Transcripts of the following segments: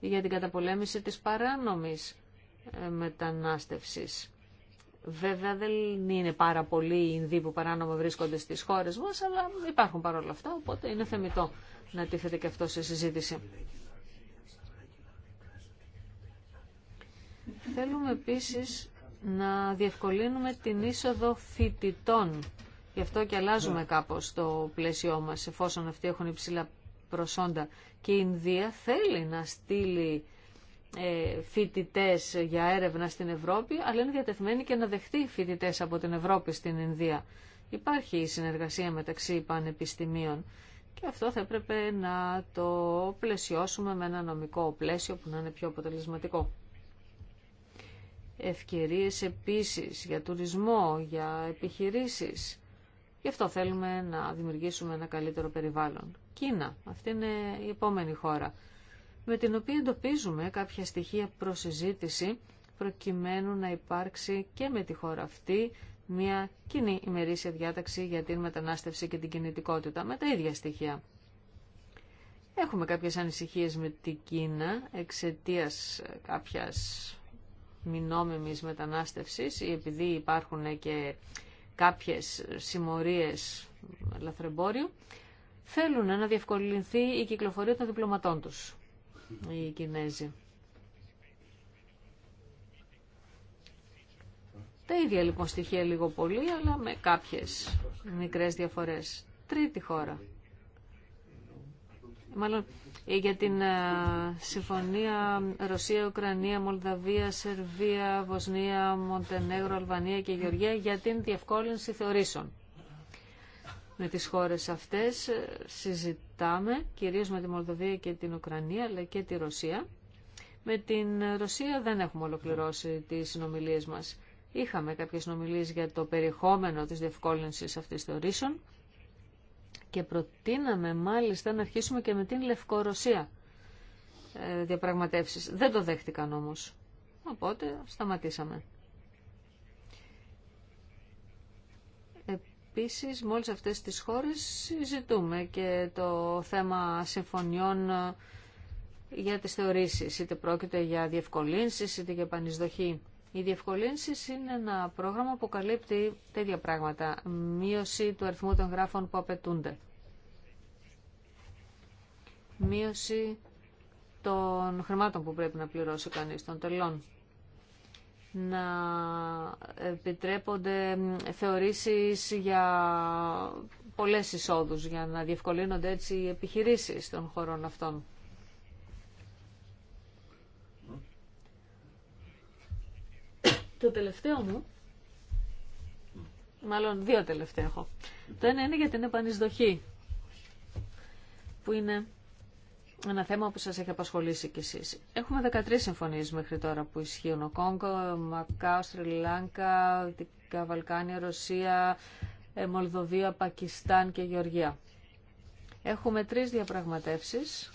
για την καταπολέμηση της παράνομης ε, μετανάστευσης. Βέβαια δεν είναι πάρα πολλοί οι Ινδοί που παράνομα βρίσκονται στις χώρες μας, αλλά υπάρχουν παρόλα αυτά, οπότε είναι θεμητό να τίθεται και αυτό σε συζήτηση. Θέλουμε επίσης να διευκολύνουμε την είσοδο φοιτητών. Γι' αυτό και αλλάζουμε κάπως το πλαίσιό μας, εφόσον αυτοί έχουν υψηλά προσόντα. Και η Ινδία θέλει να στείλει ε, φοιτητέ για έρευνα στην Ευρώπη, αλλά είναι διατεθμένη και να δεχτεί φοιτητέ από την Ευρώπη στην Ινδία. Υπάρχει η συνεργασία μεταξύ πανεπιστημίων και αυτό θα έπρεπε να το πλαισιώσουμε με ένα νομικό πλαίσιο που να είναι πιο αποτελεσματικό. Ευκαιρίες επίσης για τουρισμό, για επιχειρήσεις Γι' αυτό θέλουμε να δημιουργήσουμε ένα καλύτερο περιβάλλον. Κίνα, αυτή είναι η επόμενη χώρα, με την οποία εντοπίζουμε κάποια στοιχεία προσυζήτηση προκειμένου να υπάρξει και με τη χώρα αυτή μια κοινή ημερήσια διάταξη για την μετανάστευση και την κινητικότητα με τα ίδια στοιχεία. Έχουμε κάποιες ανησυχίες με την Κίνα εξαιτία κάποιας μηνόμιμης μετανάστευσης ή επειδή υπάρχουν και κάποιες συμμορίες λαθρεμπόριου, θέλουν να διευκολυνθεί η κυκλοφορία των διπλωματών τους, οι Κινέζοι. Τα ίδια λοιπόν στοιχεία λίγο πολύ, αλλά με κάποιες μικρές διαφορές. Τρίτη χώρα μάλλον ε, για την ε, συμφωνία Ρωσία, Ουκρανία, Μολδαβία, Σερβία, Βοσνία, Μοντενέγρο, Αλβανία και Γεωργία για την διευκόλυνση θεωρήσεων. Με τις χώρες αυτές ε, συζητάμε, κυρίως με τη Μολδαβία και την Ουκρανία, αλλά και τη Ρωσία. Με την Ρωσία δεν έχουμε ολοκληρώσει τις συνομιλίες μας. Είχαμε κάποιες συνομιλίες για το περιεχόμενο της διευκόλυνσης αυτής θεωρήσεων και προτείναμε μάλιστα να αρχίσουμε και με την Λευκορωσία ε, διαπραγματεύσεις. Δεν το δέχτηκαν όμως. Οπότε σταματήσαμε. Επίσης, μόλις αυτές τις χώρες συζητούμε και το θέμα συμφωνιών ε, για τις θεωρήσεις, είτε πρόκειται για διευκολύνσεις, είτε για πανισδοχή. Οι διευκολύνσεις είναι ένα πρόγραμμα που καλύπτει τέτοια πράγματα. Μείωση του αριθμού των γράφων που απαιτούνται. Μείωση των χρημάτων που πρέπει να πληρώσει κανείς, των τελών. Να επιτρέπονται θεωρήσεις για πολλές εισόδους, για να διευκολύνονται έτσι οι επιχειρήσεις των χωρών αυτών. Το τελευταίο μου, μάλλον δύο τελευταία έχω. Το ένα είναι για την επανεισδοχή, που είναι ένα θέμα που σας έχει απασχολήσει κι εσείς. Έχουμε 13 συμφωνίες μέχρι τώρα που ισχύουν. Ο Κόγκο, Μακάο, Στριλάνκα, Δυτικά Βαλκάνια, Ρωσία, ε, Μολδοβία, Πακιστάν και Γεωργία. Έχουμε τρεις διαπραγματεύσεις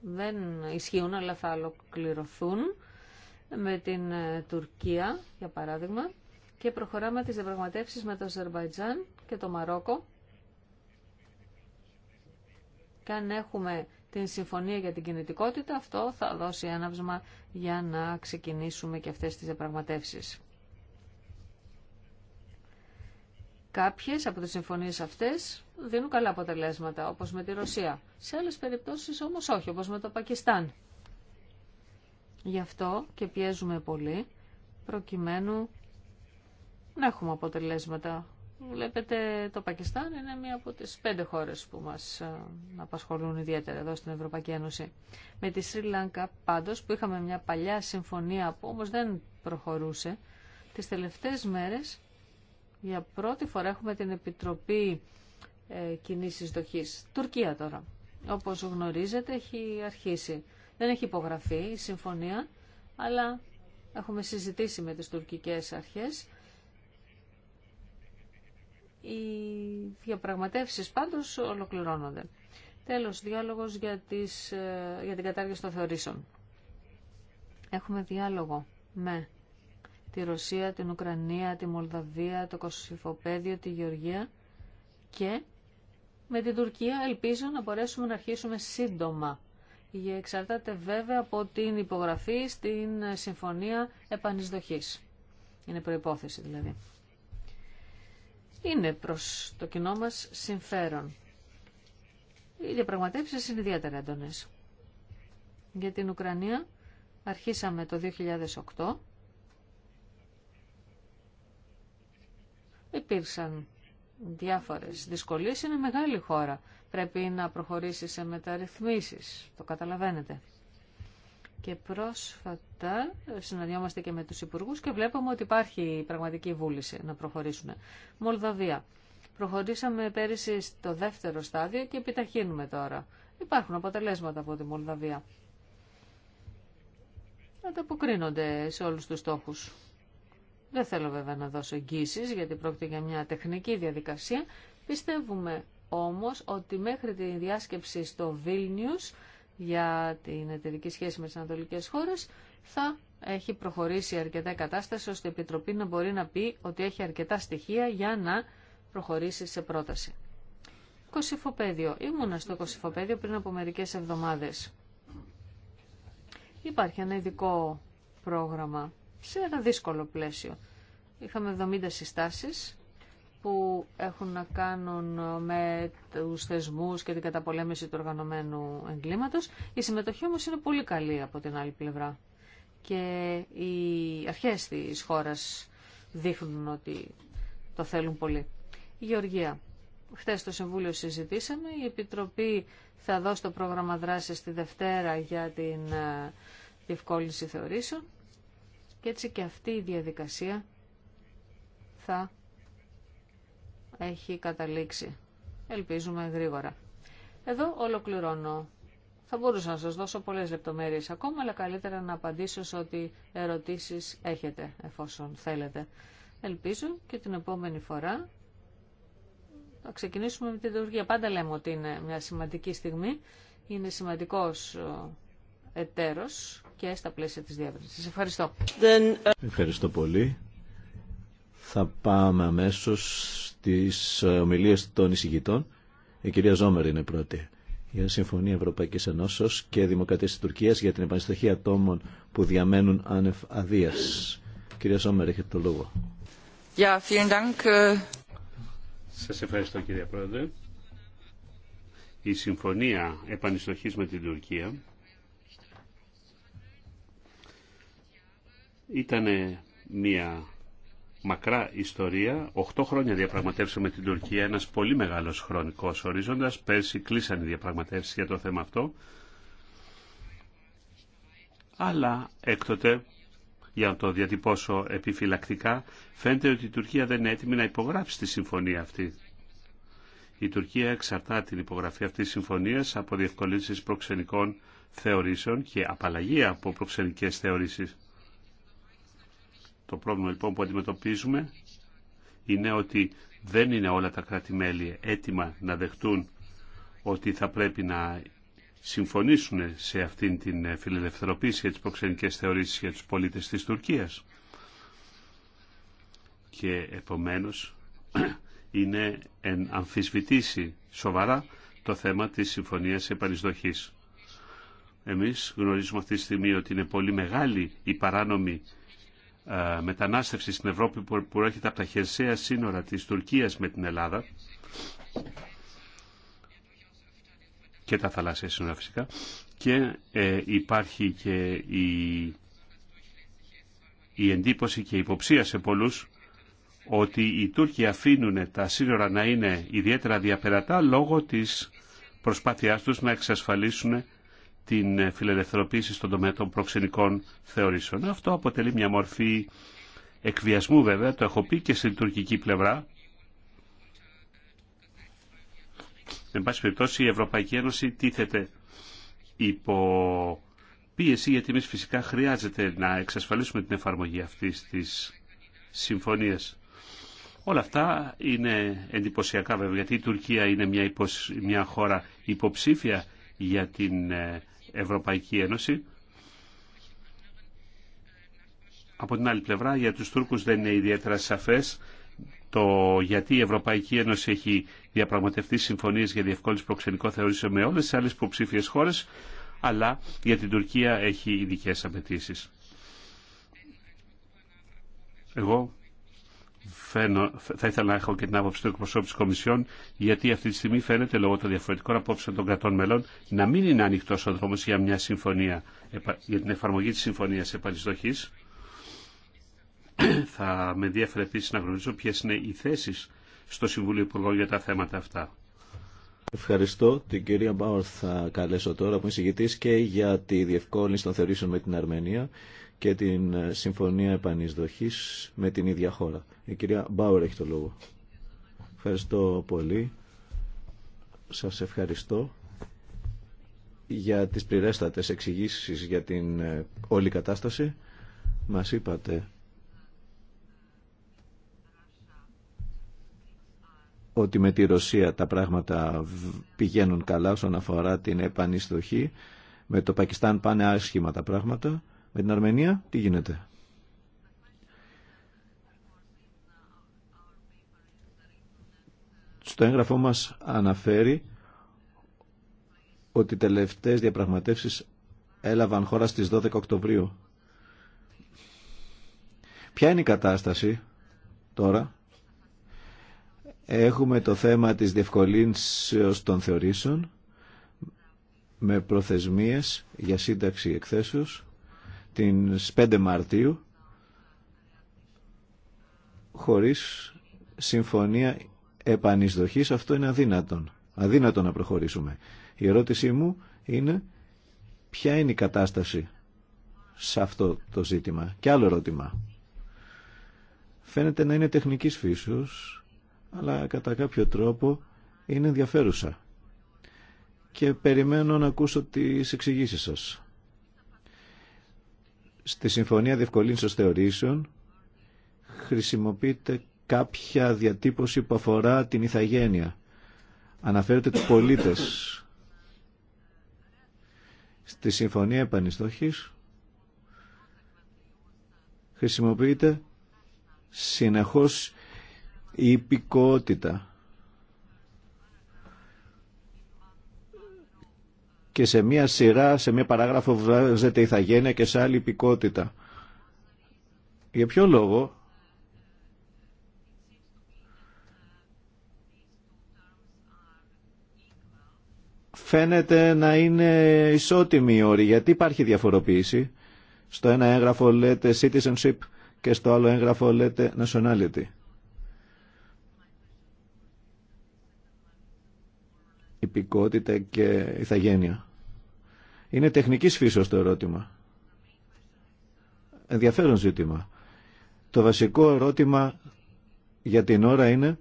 δεν ισχύουν αλλά θα ολοκληρωθούν με την ε, Τουρκία για παράδειγμα και προχωράμε τις διαπραγματεύσεις με το Αζερβαϊτζάν και το Μαρόκο και αν έχουμε την συμφωνία για την κινητικότητα αυτό θα δώσει έναυσμα για να ξεκινήσουμε και αυτές τις διαπραγματεύσεις. Κάποιες από τις συμφωνίες αυτές δίνουν καλά αποτελέσματα, όπως με τη Ρωσία. Σε άλλες περιπτώσεις όμως όχι, όπως με το Πακιστάν. Γι' αυτό και πιέζουμε πολύ, προκειμένου να έχουμε αποτελέσματα. Βλέπετε, το Πακιστάν είναι μία από τις πέντε χώρες που μας ε, απασχολούν ιδιαίτερα εδώ στην Ευρωπαϊκή Ένωση. Με τη Σρι Λάνκα, πάντως, που είχαμε μια παλιά συμφωνία που όμως δεν προχωρούσε, τις τελευταίες μέρες για πρώτη φορά έχουμε την Επιτροπή ε, Κοινής Τουρκία τώρα. Όπως γνωρίζετε έχει αρχίσει. Δεν έχει υπογραφεί η συμφωνία, αλλά έχουμε συζητήσει με τις τουρκικές αρχές. Οι διαπραγματεύσεις πάντως ολοκληρώνονται. Τέλος, διάλογος για, τις, ε, για την κατάργηση των θεωρήσεων. Έχουμε διάλογο με τη Ρωσία, την Ουκρανία, τη Μολδαβία, το Κωσυφοπαίδιο, τη Γεωργία και με την Τουρκία ελπίζω να μπορέσουμε να αρχίσουμε σύντομα. Εξαρτάται βέβαια από την υπογραφή στην Συμφωνία Επανεισδοχής. Είναι προϋπόθεση δηλαδή. Είναι προς το κοινό μας συμφέρον. Οι διαπραγματεύσεις είναι ιδιαίτερα έντονες. Για την Ουκρανία αρχίσαμε το 2008 υπήρξαν διάφορες δυσκολίες. Είναι μεγάλη χώρα. Πρέπει να προχωρήσει σε μεταρρυθμίσεις. Το καταλαβαίνετε. Και πρόσφατα συναντιόμαστε και με τους υπουργού και βλέπουμε ότι υπάρχει πραγματική βούληση να προχωρήσουν. Μολδαβία. Προχωρήσαμε πέρυσι στο δεύτερο στάδιο και επιταχύνουμε τώρα. Υπάρχουν αποτελέσματα από τη Μολδαβία. Ανταποκρίνονται σε όλους τους στόχους. Δεν θέλω βέβαια να δώσω εγγύσει γιατί πρόκειται για μια τεχνική διαδικασία. Πιστεύουμε όμως ότι μέχρι τη διάσκεψη στο Βίλνιους για την εταιρική σχέση με τις ανατολικές χώρες θα έχει προχωρήσει αρκετά κατάσταση ώστε η Επιτροπή να μπορεί να πει ότι έχει αρκετά στοιχεία για να προχωρήσει σε πρόταση. Κωσυφοπαίδιο. Ήμουνα στο Κωσυφοπαίδιο πριν από μερικές εβδομάδες. Υπάρχει ένα ειδικό πρόγραμμα σε ένα δύσκολο πλαίσιο. Είχαμε 70 συστάσεις που έχουν να κάνουν με τους θεσμούς και την καταπολέμηση του οργανωμένου εγκλήματος. Η συμμετοχή όμως είναι πολύ καλή από την άλλη πλευρά. Και οι αρχές της χώρας δείχνουν ότι το θέλουν πολύ. Η Γεωργία. Χθε στο Συμβούλιο συζητήσαμε. Η Επιτροπή θα δώσει το πρόγραμμα δράσης τη Δευτέρα για την ε, διευκόλυνση θεωρήσεων. Και έτσι και αυτή η διαδικασία θα έχει καταλήξει. Ελπίζουμε γρήγορα. Εδώ ολοκληρώνω. Θα μπορούσα να σας δώσω πολλές λεπτομέρειες ακόμα, αλλά καλύτερα να απαντήσω σε ό,τι ερωτήσεις έχετε, εφόσον θέλετε. Ελπίζω και την επόμενη φορά θα ξεκινήσουμε με την Τουρκία. Πάντα λέμε ότι είναι μια σημαντική στιγμή. Είναι σημαντικός εταίρος και στα πλαίσια της Σας Ευχαριστώ. Uh, ευχαριστώ πολύ. Θα πάμε αμέσως στις ε, ομιλίες των εισηγητών. Η κυρία Ζόμερ είναι πρώτη. Για συμφωνία Ευρωπαϊκής Ενώσεως και Δημοκρατία της Τουρκίας για την επανειστοχή ατόμων που διαμένουν άνευ αδεία. Κυρία Ζόμερ, έχετε το λόγο. Yeah, uh, Σας ευχαριστώ κυρία Πρόεδρε. Η συμφωνία επανειστοχής με την Τουρκία Ήταν μια μακρά ιστορία, Οχτώ χρόνια διαπραγματεύσαμε την Τουρκία, ένας πολύ μεγάλος χρονικός ορίζοντας. Πέρσι κλείσαν οι διαπραγματεύσεις για το θέμα αυτό. Αλλά έκτοτε, για να το διατυπώσω επιφυλακτικά, φαίνεται ότι η Τουρκία δεν είναι έτοιμη να υπογράψει τη συμφωνία αυτή. Η Τουρκία εξαρτά την υπογραφή αυτής της συμφωνίας από διευκολύνσεις προξενικών θεωρήσεων και απαλλαγή από προξενικές θεωρήσεις. Το πρόβλημα λοιπόν που αντιμετωπίζουμε είναι ότι δεν είναι όλα τα κράτη-μέλη έτοιμα να δεχτούν ότι θα πρέπει να συμφωνήσουν σε αυτήν την φιλελευθερωποίηση για τις προξενικές θεωρήσεις για τους πολίτες της Τουρκίας. Και επομένως είναι εν αμφισβητήσει σοβαρά το θέμα της συμφωνίας επανεισδοχής. Εμείς γνωρίζουμε αυτή τη στιγμή ότι είναι πολύ μεγάλη η παράνομη ε, μετανάστευση στην Ευρώπη που προέρχεται από τα χερσαία σύνορα της Τουρκίας με την Ελλάδα και τα θαλάσσια σύνορα φυσικά και ε, υπάρχει και η, εντύπωση και η υποψία σε πολλούς ότι οι Τούρκοι αφήνουν τα σύνορα να είναι ιδιαίτερα διαπερατά λόγω της προσπάθειάς τους να εξασφαλίσουν την φιλελευθερωποίηση στον τομέα των προξενικών θεωρήσεων. Αυτό αποτελεί μια μορφή εκβιασμού βέβαια, το έχω πει και στην τουρκική πλευρά. Εν πάση περιπτώσει η Ευρωπαϊκή Ένωση τίθεται υπό πίεση γιατί εμεί φυσικά χρειάζεται να εξασφαλίσουμε την εφαρμογή αυτής της συμφωνίας. Όλα αυτά είναι εντυπωσιακά βέβαια γιατί η Τουρκία είναι μια, μια χώρα υποψήφια για την ε, Ευρωπαϊκή Ένωση. Από την άλλη πλευρά, για τους Τούρκους δεν είναι ιδιαίτερα σαφές το γιατί η Ευρωπαϊκή Ένωση έχει διαπραγματευτεί συμφωνίες για διευκόλυνση προξενικό θεωρήσεων με όλες τις άλλες υποψήφιες χώρες, αλλά για την Τουρκία έχει ειδικέ απαιτήσει. Εγώ Φαίνω, θα ήθελα να έχω και την άποψη του εκπροσώπου τη Κομισιόν, γιατί αυτή τη στιγμή φαίνεται λόγω των διαφορετικών απόψεων των κρατών μελών να μην είναι ανοιχτό ο δρόμο για μια συμφωνία, για την εφαρμογή τη συμφωνία επανεισδοχή. θα με ενδιαφέρει επίση να γνωρίζω ποιε είναι οι θέσει στο Συμβούλιο Υπουργών για τα θέματα αυτά. Ευχαριστώ. Την κυρία Μπάουρ θα καλέσω τώρα που είναι και για τη διευκόλυνση των θεωρήσεων με την Αρμενία και την ε, Συμφωνία Επανεισδοχής με την ίδια χώρα. Η κυρία Μπάουρ έχει το λόγο. Ευχαριστώ πολύ. Σας ευχαριστώ για τις πληρέστατες εξηγήσει για την ε, όλη κατάσταση. Μας είπατε ότι με τη Ρωσία τα πράγματα πηγαίνουν καλά όσον αφορά την επανειστοχή. Με το Πακιστάν πάνε άσχημα τα πράγματα. Με την Αρμενία τι γίνεται. Στο έγγραφό μας αναφέρει ότι οι τελευταίες διαπραγματεύσεις έλαβαν χώρα στις 12 Οκτωβρίου. Ποια είναι η κατάσταση τώρα. Έχουμε το θέμα της διευκολύνσεως των θεωρήσεων με προθεσμίες για σύνταξη εκθέσεως την 5 Μαρτίου χωρίς συμφωνία επανεισδοχής αυτό είναι αδύνατον. Αδύνατο να προχωρήσουμε. Η ερώτησή μου είναι ποια είναι η κατάσταση σε αυτό το ζήτημα. Και άλλο ερώτημα. Φαίνεται να είναι τεχνικής φύσεως, αλλά κατά κάποιο τρόπο είναι ενδιαφέρουσα. Και περιμένω να ακούσω τις εξηγήσεις σας. Στη Συμφωνία Διευκολύνσεως Θεωρήσεων χρησιμοποιείται κάποια διατύπωση που αφορά την ηθαγένεια. Αναφέρεται τους πολίτες. Στη Συμφωνία Επανιστόχης χρησιμοποιείται συνεχώς η υπηκότητα. και σε μία σειρά, σε μία παράγραφο βάζεται ηθαγένεια και σε άλλη υπηκότητα. Για ποιο λόγο φαίνεται να είναι ισότιμη η όρη. Γιατί υπάρχει διαφοροποίηση. Στο ένα έγγραφο λέτε citizenship και στο άλλο έγγραφο λέτε nationality. Υπηκότητα και ηθαγένεια. Είναι τεχνικής φύσεως το ερώτημα. Ενδιαφέρον ζήτημα. Το βασικό ερώτημα για την ώρα είναι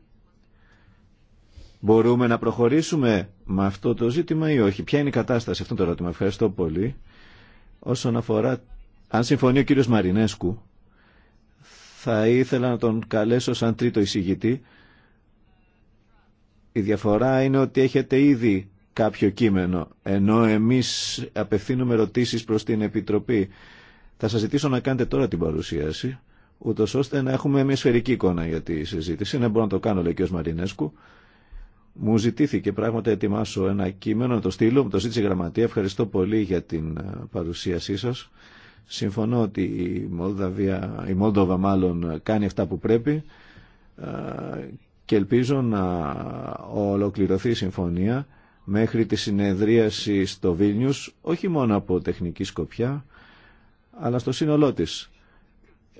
μπορούμε να προχωρήσουμε με αυτό το ζήτημα ή όχι. Ποια είναι η κατάσταση αυτό το ερώτημα. Ευχαριστώ πολύ. Όσον αφορά, αν συμφωνεί ο κύριος Μαρινέσκου, θα ήθελα να τον καλέσω σαν τρίτο εισηγητή. Η διαφορά είναι ότι έχετε ήδη κάποιο κείμενο, ενώ εμείς απευθύνουμε ερωτήσεις προς την Επιτροπή. Θα σας ζητήσω να κάνετε τώρα την παρουσίαση, ούτω ώστε να έχουμε μια σφαιρική εικόνα για τη συζήτηση. Δεν ναι, μπορώ να το κάνω, λέει ο Μαρινέσκου. Μου ζητήθηκε πράγματα ετοιμάσω ένα κείμενο, να το στείλω, μου το ζήτησε η Γραμματεία. Ευχαριστώ πολύ για την ε, παρουσίασή σας. Συμφωνώ ότι η, Μολδαβία, η Μόλδοβα μάλλον ε, κάνει αυτά που πρέπει ε, και ελπίζω να ολοκληρωθεί η συμφωνία μέχρι τη συνεδρίαση στο Βίλνιους, όχι μόνο από τεχνική σκοπιά, αλλά στο σύνολό της.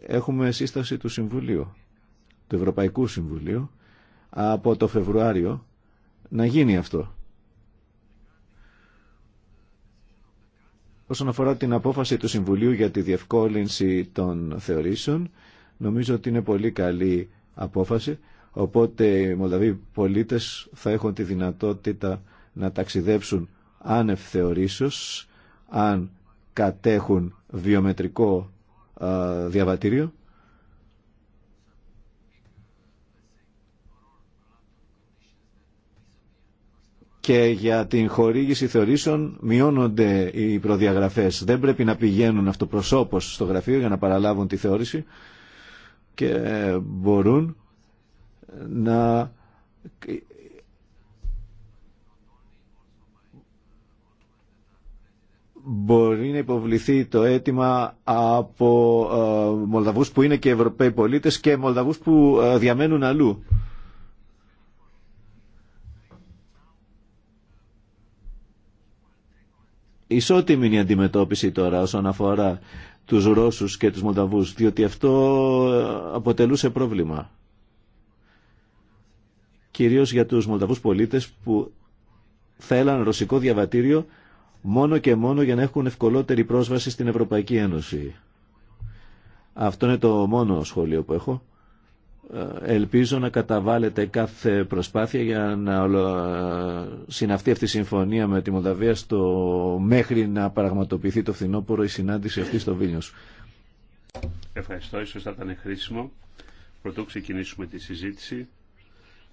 Έχουμε σύσταση του Συμβουλίου, του Ευρωπαϊκού Συμβουλίου, από το Φεβρουάριο να γίνει αυτό. Όσον αφορά την απόφαση του Συμβουλίου για τη διευκόλυνση των θεωρήσεων, νομίζω ότι είναι πολύ καλή απόφαση, οπότε οι Μολδαβοί πολίτες θα έχουν τη δυνατότητα να ταξιδέψουν άνευ θεωρήσεως, αν κατέχουν βιομετρικό διαβατήριο. και για την χορήγηση θεωρήσεων μειώνονται οι προδιαγραφές. Δεν πρέπει να πηγαίνουν αυτοπροσώπως στο γραφείο για να παραλάβουν τη θεώρηση και μπορούν να μπορεί να υποβληθεί το αίτημα από ε, Μολδαβούς που είναι και Ευρωπαίοι πολίτες και Μολδαβούς που ε, διαμένουν αλλού. Ισότιμη είναι η αντιμετώπιση τώρα όσον αφορά τους Ρώσους και τους Μολδαβούς, διότι αυτό ε, αποτελούσε πρόβλημα. Κυρίως για τους Μολδαβούς πολίτες που θέλαν ρωσικό διαβατήριο μόνο και μόνο για να έχουν ευκολότερη πρόσβαση στην Ευρωπαϊκή Ένωση. Αυτό είναι το μόνο σχόλιο που έχω. Ε, ελπίζω να καταβάλλετε κάθε προσπάθεια για να συναυτεί αυτή η συμφωνία με τη Μοδαβία στο... μέχρι να πραγματοποιηθεί το φθινόπωρο η συνάντηση αυτή στο Βίλνιος. Ευχαριστώ. Ίσως θα ήταν χρήσιμο. Πρωτού ξεκινήσουμε τη συζήτηση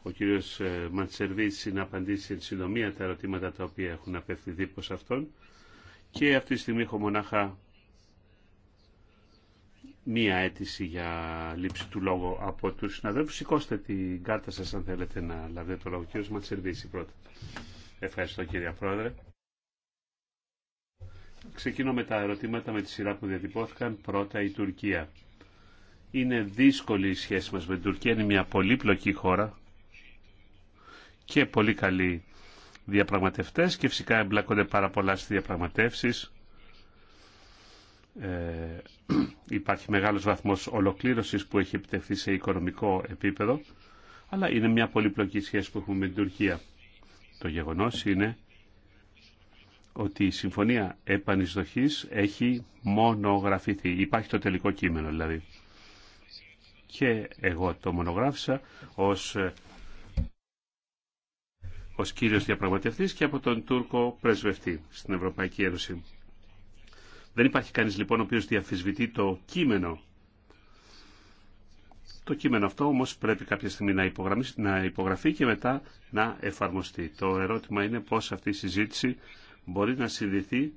ο κύριος ε, Ματσερβίτσι να απαντήσει εν συντομία τα ερωτήματα τα οποία έχουν απευθυνθεί προς αυτόν και αυτή τη στιγμή έχω μονάχα μία αίτηση για λήψη του λόγου από τους συναδέλφους. Σηκώστε την κάρτα σας αν θέλετε να λάβετε το λόγο. Κύριος Ματσερβίση πρώτα. Ευχαριστώ κύριε Πρόεδρε. Ξεκινώ με τα ερωτήματα με τη σειρά που διατυπώθηκαν. Πρώτα η Τουρκία. Είναι δύσκολη η σχέση μας με την Τουρκία. Είναι μια πολύπλοκη χώρα και πολύ καλοί διαπραγματευτές και φυσικά εμπλέκονται πάρα πολλά στις διαπραγματεύσεις. Ε, υπάρχει μεγάλος βαθμός ολοκλήρωσης που έχει επιτευχθεί σε οικονομικό επίπεδο, αλλά είναι μια πολύπλοκη σχέση που έχουμε με την Τουρκία. Το γεγονός είναι ότι η συμφωνία επανεισδοχής έχει μονογραφηθεί. Υπάρχει το τελικό κείμενο δηλαδή. Και εγώ το μονογράφησα ως ε, ως κύριος διαπραγματευτής και από τον Τούρκο πρεσβευτή στην Ευρωπαϊκή Ένωση. Δεν υπάρχει κανείς λοιπόν ο οποίος διαφυσβητεί το κείμενο. Το κείμενο αυτό όμως πρέπει κάποια στιγμή να, να υπογραφεί και μετά να εφαρμοστεί. Το ερώτημα είναι πώς αυτή η συζήτηση μπορεί να συνδυθεί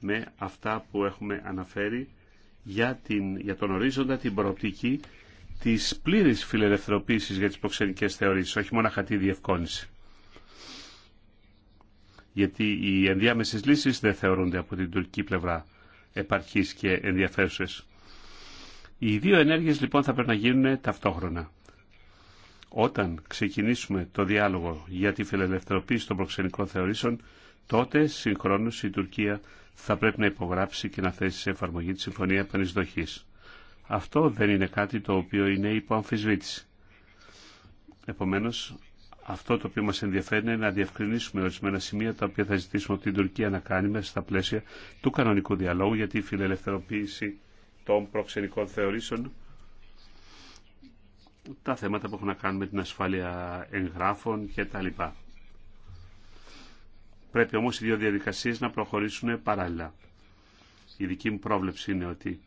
με αυτά που έχουμε αναφέρει για, την, για τον ορίζοντα, την προοπτική της πλήρης φιλελευθερωποίησης για τις προξενικές θεωρήσεις, όχι μόνο χατή διευκόνηση γιατί οι ενδιάμεσες λύσεις δεν θεωρούνται από την τουρκική πλευρά επαρχής και ενδιαφέρουσες. Οι δύο ενέργειες λοιπόν θα πρέπει να γίνουν ταυτόχρονα. Όταν ξεκινήσουμε το διάλογο για τη φιλελευθερωποίηση των προξενικών θεωρήσεων, τότε συγχρόνως η Τουρκία θα πρέπει να υπογράψει και να θέσει σε εφαρμογή τη Συμφωνία Επανεισδοχής. Αυτό δεν είναι κάτι το οποίο είναι υπό αμφισβήτηση. Επομένως, αυτό το οποίο μας ενδιαφέρει είναι να διευκρινίσουμε ορισμένα σημεία τα οποία θα ζητήσουμε από την Τουρκία να κάνει μέσα στα πλαίσια του κανονικού διαλόγου για τη φιλελευθερωποίηση των προξενικών θεωρήσεων τα θέματα που έχουν να κάνουν με την ασφάλεια εγγράφων κτλ. Πρέπει όμως οι δύο διαδικασίες να προχωρήσουν παράλληλα. Η δική μου πρόβλεψη είναι ότι,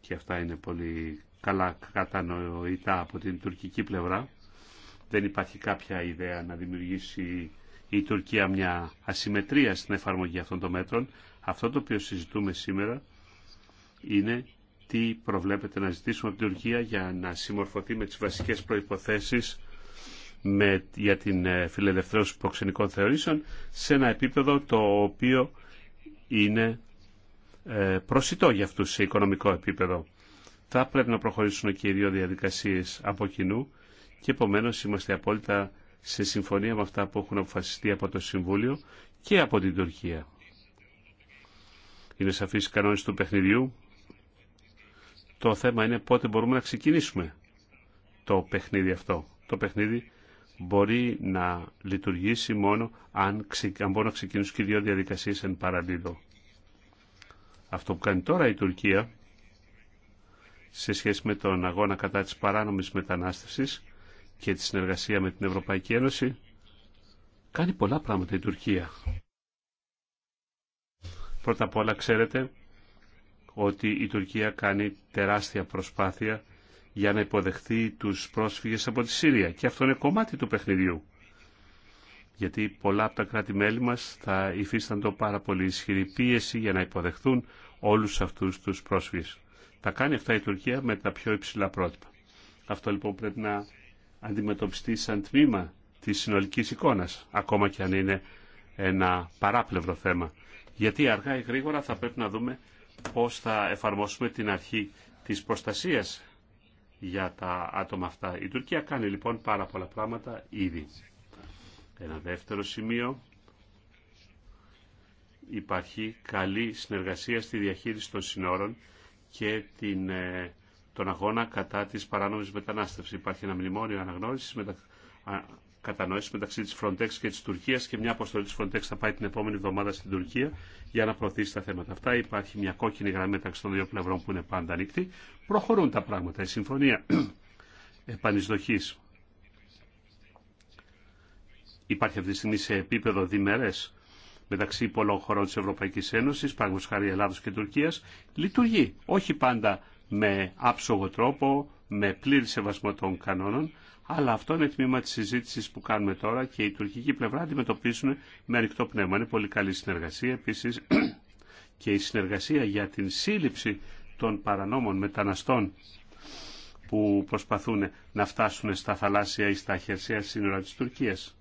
και αυτά είναι πολύ καλά κατανοητά από την τουρκική πλευρά, δεν υπάρχει κάποια ιδέα να δημιουργήσει η Τουρκία μια ασυμμετρία στην εφαρμογή αυτών των μέτρων. Αυτό το οποίο συζητούμε σήμερα είναι τι προβλέπεται να ζητήσουμε από την Τουρκία για να συμμορφωθεί με τις βασικές προϋποθέσεις με, για την ε, φιλελευθέρωση προξενικών θεωρήσεων σε ένα επίπεδο το οποίο είναι ε, προσιτό για αυτούς σε οικονομικό επίπεδο. Θα πρέπει να προχωρήσουν και οι δύο διαδικασίες από κοινού και επομένω, είμαστε απόλυτα σε συμφωνία με αυτά που έχουν αποφασιστεί από το Συμβούλιο και από την Τουρκία. Είναι σαφής οι κανόνες του παιχνιδιού. Το θέμα είναι πότε μπορούμε να ξεκινήσουμε το παιχνίδι αυτό. Το παιχνίδι μπορεί να λειτουργήσει μόνο αν, ξε, αν μπορούν να ξεκινήσουν και δύο διαδικασίες εν παραλίδο. Αυτό που κάνει τώρα η Τουρκία σε σχέση με τον αγώνα κατά της παράνομης μετανάστευσης και τη συνεργασία με την Ευρωπαϊκή Ένωση. Κάνει πολλά πράγματα η Τουρκία. Πρώτα απ' όλα ξέρετε ότι η Τουρκία κάνει τεράστια προσπάθεια για να υποδεχθεί τους πρόσφυγες από τη Σύρια. Και αυτό είναι κομμάτι του παιχνιδιού. Γιατί πολλά από τα κράτη-μέλη μας θα υφίστανται πάρα πολύ ισχυρή πίεση για να υποδεχθούν όλους αυτούς τους πρόσφυγες. Τα κάνει αυτά η Τουρκία με τα πιο υψηλά πρότυπα. Αυτό λοιπόν πρέπει να αντιμετωπιστεί σαν τμήμα της συνολικής εικόνας, ακόμα και αν είναι ένα παράπλευρο θέμα. Γιατί αργά ή γρήγορα θα πρέπει να δούμε πώς θα εφαρμόσουμε την αρχή της προστασίας για τα άτομα αυτά. Η Τουρκία κάνει λοιπόν πάρα πολλά πράγματα ήδη. Ένα δεύτερο σημείο. Υπάρχει καλή συνεργασία στη διαχείριση των συνόρων και την ε, τον αγώνα κατά της παράνομης μετανάστευσης. Υπάρχει ένα μνημόνιο αναγνώρισης μετα... μεταξύ τη Frontex και της Τουρκία και μια αποστολή της Frontex θα πάει την επόμενη εβδομάδα στην Τουρκία για να προωθήσει τα θέματα αυτά. Υπάρχει μια κόκκινη γραμμή μεταξύ των δύο πλευρών που είναι πάντα ανοιχτή. Προχωρούν τα πράγματα. Η συμφωνία επανεισδοχής υπάρχει αυτή τη στιγμή σε επίπεδο διμέρε μεταξύ πολλών χωρών τη Ευρωπαϊκή Ένωση, παραδείγματο χάρη Ελλάδο και Τουρκία, λειτουργεί. Όχι πάντα με άψογο τρόπο, με πλήρη σεβασμό των κανόνων, αλλά αυτό είναι τμήμα τη συζήτηση που κάνουμε τώρα και η τουρκική πλευρά αντιμετωπίζουν με ανοιχτό πνεύμα. Είναι πολύ καλή συνεργασία επίση και η συνεργασία για την σύλληψη των παρανόμων μεταναστών που προσπαθούν να φτάσουν στα θαλάσσια ή στα χερσαία σύνορα της Τουρκίας.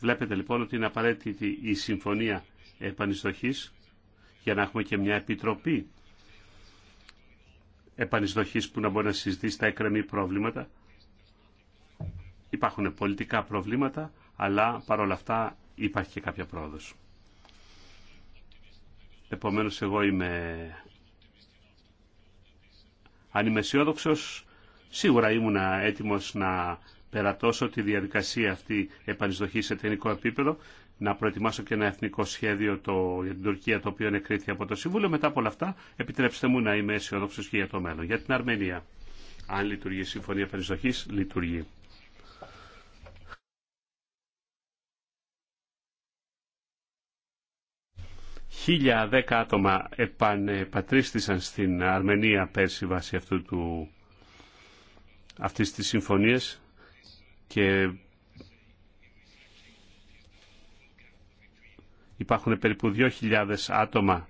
Βλέπετε λοιπόν ότι είναι απαραίτητη η συμφωνία επανιστοχής για να έχουμε και μια επιτροπή επανεισδοχής που να μπορεί να συζητήσει τα έκρεμή προβλήματα. Υπάρχουν πολιτικά προβλήματα, αλλά παρόλα αυτά υπάρχει και κάποια πρόοδος. Επομένως εγώ είμαι αν σίγουρα ήμουν έτοιμος να περατώσω τη διαδικασία αυτή επανεισδοχής σε τεχνικό επίπεδο να προετοιμάσω και ένα εθνικό σχέδιο το, για την Τουρκία το οποίο ενεκρίθηκε από το Συμβούλιο. Μετά από όλα αυτά, επιτρέψτε μου να είμαι αισιοδόξο και για το μέλλον. Για την Αρμενία. Αν λειτουργεί η Συμφωνία Περιστοχή, λειτουργεί. Χίλια δέκα άτομα επανεπατρίστησαν στην Αρμενία πέρσι βάσει αυτού του, αυτής της συμφωνίας και Υπάρχουν περίπου 2.000 άτομα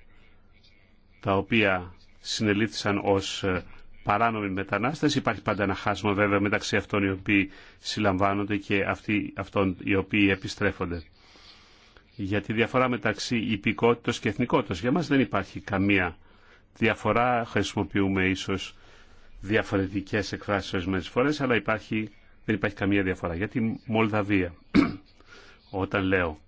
τα οποία συνελήφθησαν ως ε, παράνομοι μετανάστες. Υπάρχει πάντα ένα χάσμα βέβαια μεταξύ αυτών οι οποίοι συλλαμβάνονται και αυτοί, αυτών οι οποίοι επιστρέφονται. Για τη διαφορά μεταξύ υπηκότητος και εθνικότητος. Για μας δεν υπάρχει καμία διαφορά. Χρησιμοποιούμε ίσως διαφορετικές εκφράσεις τις φορές, αλλά υπάρχει, δεν υπάρχει καμία διαφορά. Για τη Μολδαβία, όταν λέω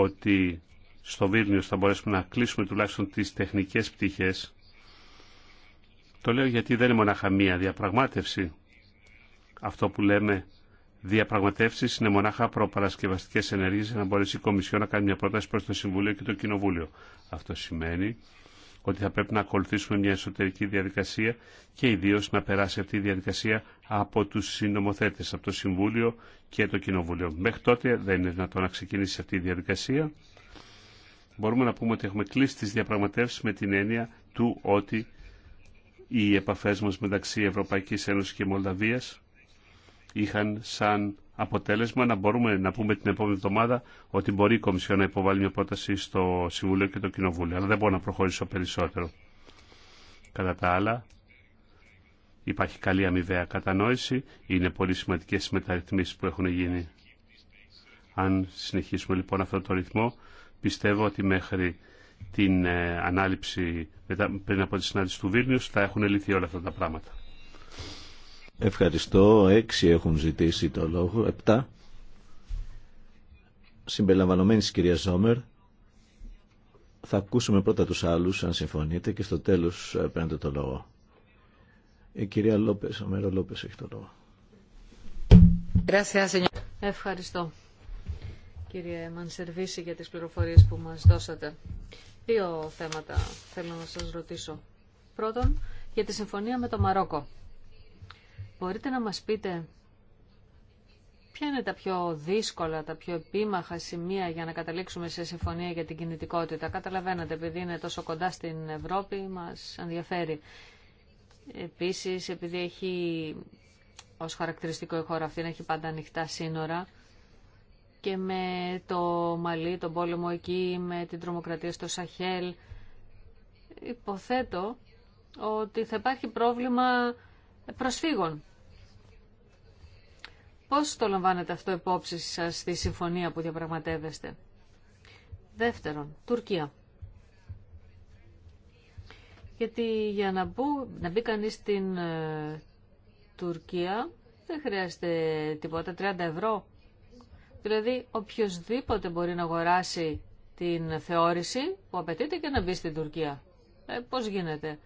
ότι στο Βίλνιος θα μπορέσουμε να κλείσουμε τουλάχιστον τις τεχνικές πτυχές. Το λέω γιατί δεν είναι μονάχα μία διαπραγμάτευση. Αυτό που λέμε διαπραγματεύσεις είναι μονάχα προπαρασκευαστικές ενέργειες για να μπορέσει η Κομισιό να κάνει μια πρόταση προς το Συμβούλιο και το Κοινοβούλιο. Αυτό σημαίνει ότι θα πρέπει να ακολουθήσουμε μια εσωτερική διαδικασία και ιδίω να περάσει αυτή η διαδικασία από του συνομοθέτε, από το Συμβούλιο και το Κοινοβούλιο. Μέχρι τότε δεν είναι δυνατόν να ξεκινήσει αυτή η διαδικασία. Μπορούμε να πούμε ότι έχουμε κλείσει τι διαπραγματεύσει με την έννοια του ότι οι επαφέ μα μεταξύ Ευρωπαϊκή Ένωση και Μολδαβία είχαν σαν αποτέλεσμα να μπορούμε να πούμε την επόμενη εβδομάδα ότι μπορεί η Κομισιό να υποβάλει μια πρόταση στο Συμβουλίο και το Κοινοβούλιο. Αλλά δεν μπορώ να προχωρήσω περισσότερο. Κατά τα άλλα, υπάρχει καλή αμοιβαία κατανόηση. Είναι πολύ σημαντικέ οι μεταρρυθμίσει που έχουν γίνει. Αν συνεχίσουμε λοιπόν αυτό το ρυθμό, πιστεύω ότι μέχρι την ε, ανάληψη πριν από τη συνάντηση του Βίλνιους θα έχουν λυθεί όλα αυτά τα πράγματα. Ευχαριστώ. Έξι έχουν ζητήσει το λόγο. Επτά. Συμπεριλαμβανομένη κυρία Ζόμερ. Θα ακούσουμε πρώτα τους άλλους, αν συμφωνείτε, και στο τέλος ε, παίρνετε το λόγο. Η κυρία Λόπες, ο Μέρο Λόπες έχει το λόγο. Ευχαριστώ, κύριε Μανσερβίση, για τις πληροφορίες που μας δώσατε. Δύο θέματα θέλω να σας ρωτήσω. Πρώτον, για τη συμφωνία με το Μαρόκο. Μπορείτε να μας πείτε ποια είναι τα πιο δύσκολα, τα πιο επίμαχα σημεία για να καταλήξουμε σε συμφωνία για την κινητικότητα. Καταλαβαίνετε, επειδή είναι τόσο κοντά στην Ευρώπη, μας ενδιαφέρει. Επίσης, επειδή έχει ως χαρακτηριστικό η χώρα αυτή να έχει πάντα ανοιχτά σύνορα και με το Μαλί, τον πόλεμο εκεί, με την τρομοκρατία στο Σαχέλ, υποθέτω ότι θα υπάρχει πρόβλημα προσφύγων. Πώς το λαμβάνετε αυτό υπόψη σας στη συμφωνία που διαπραγματεύεστε. Δεύτερον, Τουρκία. Γιατί για να, να μπει κανείς στην ε, Τουρκία δεν χρειάζεται τίποτα, 30 ευρώ. Δηλαδή οποιοδήποτε μπορεί να αγοράσει την θεώρηση που απαιτείται και να μπει στην Τουρκία. Ε, πώς γίνεται.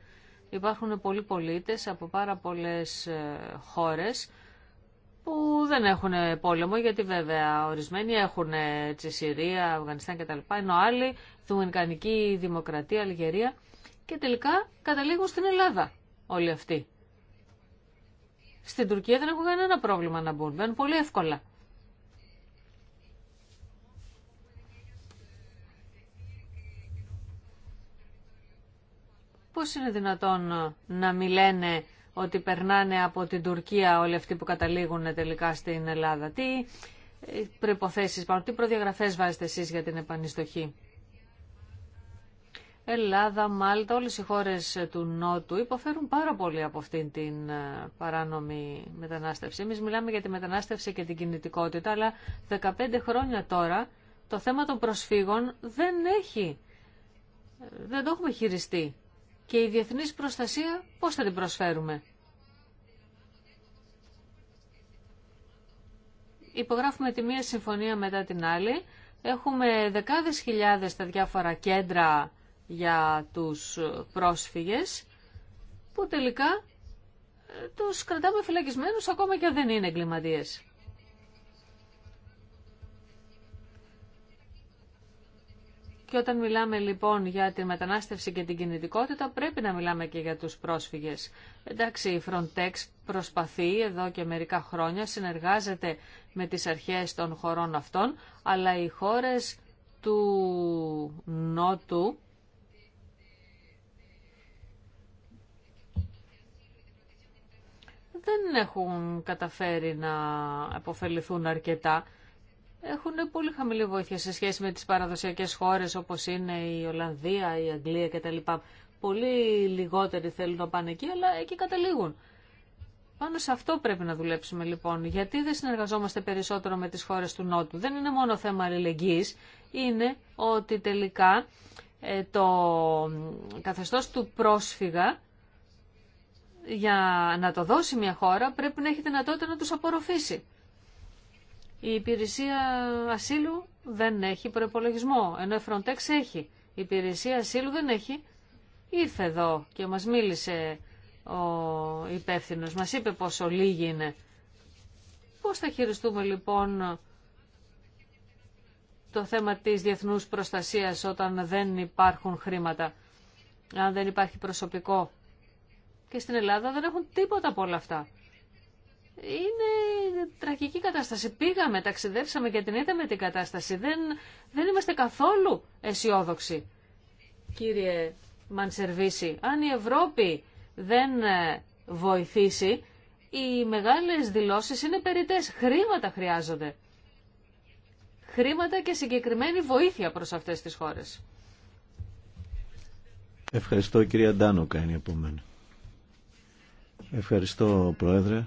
Υπάρχουν πολλοί πολίτες από πάρα πολλές ε, χώρες που δεν έχουν πόλεμο, γιατί βέβαια ορισμένοι έχουν ε, έτσι, Συρία, Αφγανιστάν κτλ. Ενώ άλλοι, Δουμενικανική Δημοκρατία, Αλγερία. Και τελικά καταλήγουν στην Ελλάδα όλοι αυτοί. Στην Τουρκία δεν έχουν κανένα πρόβλημα να μπουν. Μπαίνουν πολύ εύκολα. πώς είναι δυνατόν ε, να μιλένε ότι περνάνε από την Τουρκία όλοι αυτοί που καταλήγουν τελικά στην Ελλάδα. Τι ε, προϋποθέσεις πάνω, τι προδιαγραφές βάζετε εσείς για την επανιστοχή. Ελλάδα, Μάλτα, όλες οι χώρες ε, του Νότου υποφέρουν πάρα πολύ από αυτήν την παράνομη μετανάστευση. Εμείς μιλάμε για τη μετανάστευση και την κινητικότητα, αλλά 15 χρόνια τώρα το θέμα των προσφύγων δεν έχει, δεν το έχουμε χειριστεί και η διεθνής προστασία πώς θα την προσφέρουμε. Υπογράφουμε τη μία συμφωνία μετά την άλλη. Έχουμε δεκάδες χιλιάδες τα διάφορα κέντρα για τους πρόσφυγες που τελικά ε, τους κρατάμε φυλακισμένους ακόμα και δεν είναι εγκληματίες. Και όταν μιλάμε λοιπόν για τη μετανάστευση και την κινητικότητα, πρέπει να μιλάμε και για τους πρόσφυγες. Εντάξει, η Frontex προσπαθεί εδώ και μερικά χρόνια, συνεργάζεται με τις αρχές των χωρών αυτών, αλλά οι χώρες του Νότου, δεν έχουν καταφέρει να αποφεληθούν αρκετά έχουν πολύ χαμηλή βοήθεια σε σχέση με τις παραδοσιακές χώρες όπως είναι η Ολλανδία, η Αγγλία κτλ. Πολύ λιγότεροι θέλουν να πάνε εκεί, αλλά εκεί καταλήγουν. Πάνω σε αυτό πρέπει να δουλέψουμε λοιπόν. Γιατί δεν συνεργαζόμαστε περισσότερο με τις χώρες του Νότου. Δεν είναι μόνο θέμα αλληλεγγύης, είναι ότι τελικά ε, το καθεστώς του πρόσφυγα για να το δώσει μια χώρα πρέπει να έχει δυνατότητα να τους απορροφήσει. Η υπηρεσία ασύλου δεν έχει προπολογισμό, ενώ η Frontex έχει. Η υπηρεσία ασύλου δεν έχει. Ήρθε εδώ και μας μίλησε ο υπεύθυνο, μας είπε πόσο λίγοι είναι. Πώς θα χειριστούμε λοιπόν το θέμα της διεθνούς προστασίας όταν δεν υπάρχουν χρήματα, αν δεν υπάρχει προσωπικό. Και στην Ελλάδα δεν έχουν τίποτα από όλα αυτά είναι τραγική κατάσταση. Πήγαμε, ταξιδέψαμε και την είδαμε την κατάσταση. Δεν, δεν είμαστε καθόλου αισιόδοξοι. Κύριε Μανσερβίση, αν η Ευρώπη δεν ε, βοηθήσει, οι μεγάλες δηλώσεις είναι περιτές. Χρήματα χρειάζονται. Χρήματα και συγκεκριμένη βοήθεια προς αυτές τις χώρες. Ευχαριστώ κυρία Ντάνοκα είναι η επόμενη. Ευχαριστώ Πρόεδρε.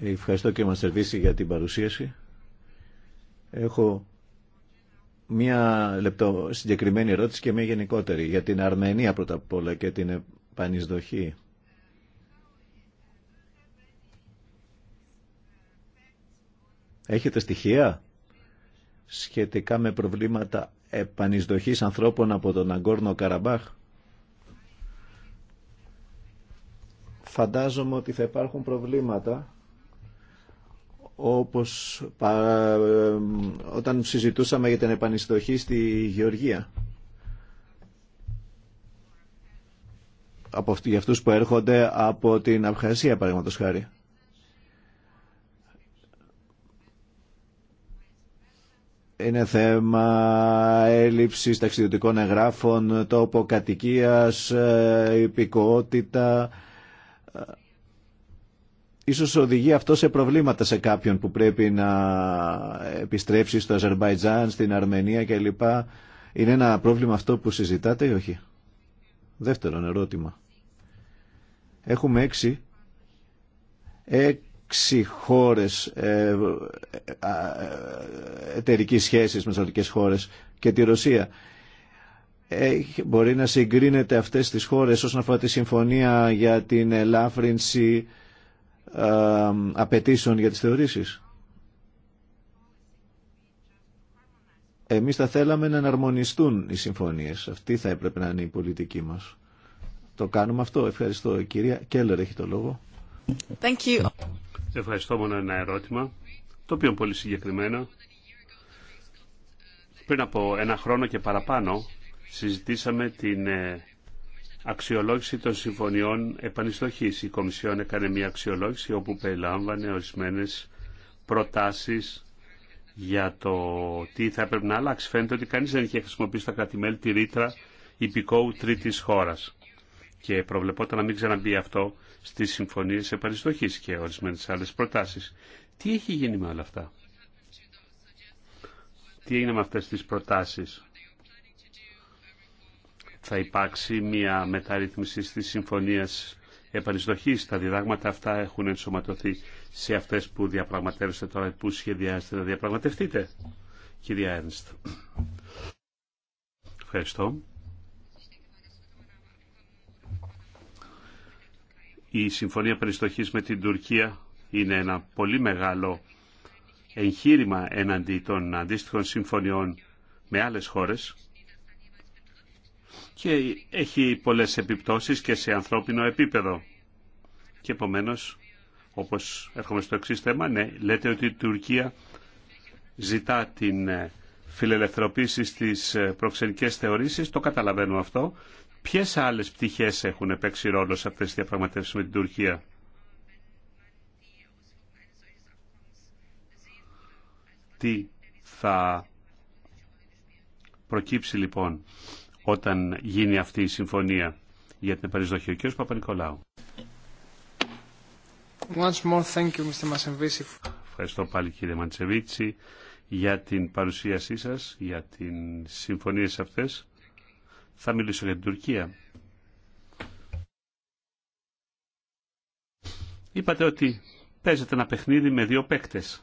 Ευχαριστώ και μας Σερβίση για την παρουσίαση. Έχω μία λεπτό συγκεκριμένη ερώτηση και μία γενικότερη για την Αρμενία πρώτα απ' όλα και την επανεισδοχή. Έχετε στοιχεία σχετικά με προβλήματα επανεισδοχής ανθρώπων από τον Αγκόρνο Καραμπάχ. Φαντάζομαι ότι θα υπάρχουν προβλήματα όπως ε, όταν συζητούσαμε για την επανειστοχή στη Γεωργία. Από, για αυτούς που έρχονται από την Αυχασία, παραδείγματος χάρη. Είναι θέμα έλλειψης ταξιδιωτικών εγγράφων, τόπο κατοικίας, ε, υπηκότητα, ίσως οδηγεί αυτό σε προβλήματα σε κάποιον που πρέπει να επιστρέψει στο Αζερμπαϊτζάν, στην Αρμενία κλπ. Είναι ένα πρόβλημα αυτό που συζητάτε ή όχι. Δεύτερον ερώτημα. Έχουμε έξι, έξι χώρες ε, ε, ε εταιρικής σχέσης με τις χώρες και τη Ρωσία. μπορεί να συγκρίνεται αυτές τις χώρες όσον αφορά τη συμφωνία για την ελάφρυνση απαιτήσεων για τις θεωρήσεις. Εμείς θα θέλαμε να εναρμονιστούν οι συμφωνίες. Αυτή θα έπρεπε να είναι η πολιτική μας. Το κάνουμε αυτό. Ευχαριστώ. Η κυρία Κέλλερ έχει το λόγο. Thank you. Ευχαριστώ μόνο ένα ερώτημα, το οποίο είναι πολύ συγκεκριμένο. Πριν από ένα χρόνο και παραπάνω συζητήσαμε την ε, αξιολόγηση των συμφωνιών επανιστοχής. Η Κομισιόν έκανε μια αξιολόγηση όπου περιλάμβανε ορισμένε προτάσεις για το τι θα έπρεπε να αλλάξει. Φαίνεται ότι κανείς δεν είχε χρησιμοποιήσει τα κρατημέλη τη ρήτρα υπηκόου τρίτης χώρας. Και προβλεπόταν να μην ξαναμπεί αυτό στις συμφωνίες επανιστοχής και ορισμένες άλλες προτάσεις. Τι έχει γίνει με όλα αυτά. Τι έγινε με αυτές τις προτάσεις θα υπάρξει μια μεταρρύθμιση στη Συμφωνία επανεισδοχής. Τα διδάγματα αυτά έχουν ενσωματωθεί σε αυτές που διαπραγματεύεστε τώρα, που σχεδιάζετε να διαπραγματευτείτε. Κυρία Ένστ. Ευχαριστώ. Η συμφωνία περιστοχής με την Τουρκία είναι ένα πολύ μεγάλο εγχείρημα εναντί των αντίστοιχων συμφωνιών με άλλες χώρες και έχει πολλές επιπτώσεις και σε ανθρώπινο επίπεδο. Και επομένως, όπως έρχομαι στο εξή θέμα, ναι, λέτε ότι η Τουρκία ζητά την ε, φιλελευθερωποίηση στις ε, προξενικές θεωρήσεις, το καταλαβαίνω αυτό. Ποιες άλλες πτυχές έχουν παίξει ρόλο σε αυτές τις διαπραγματεύσεις με την Τουρκία. Τι θα προκύψει λοιπόν όταν γίνει αυτή η συμφωνία για την επαρισδοχή. Ο κ. Παπα-Νικολάου. Once more, thank you, Mr. Ευχαριστώ πάλι κύριε Μαντσεβίτσι για την παρουσίασή σας, για την σας αυτές. Θα μιλήσω για την Τουρκία. Είπατε ότι παίζετε ένα παιχνίδι με δύο παίκτες.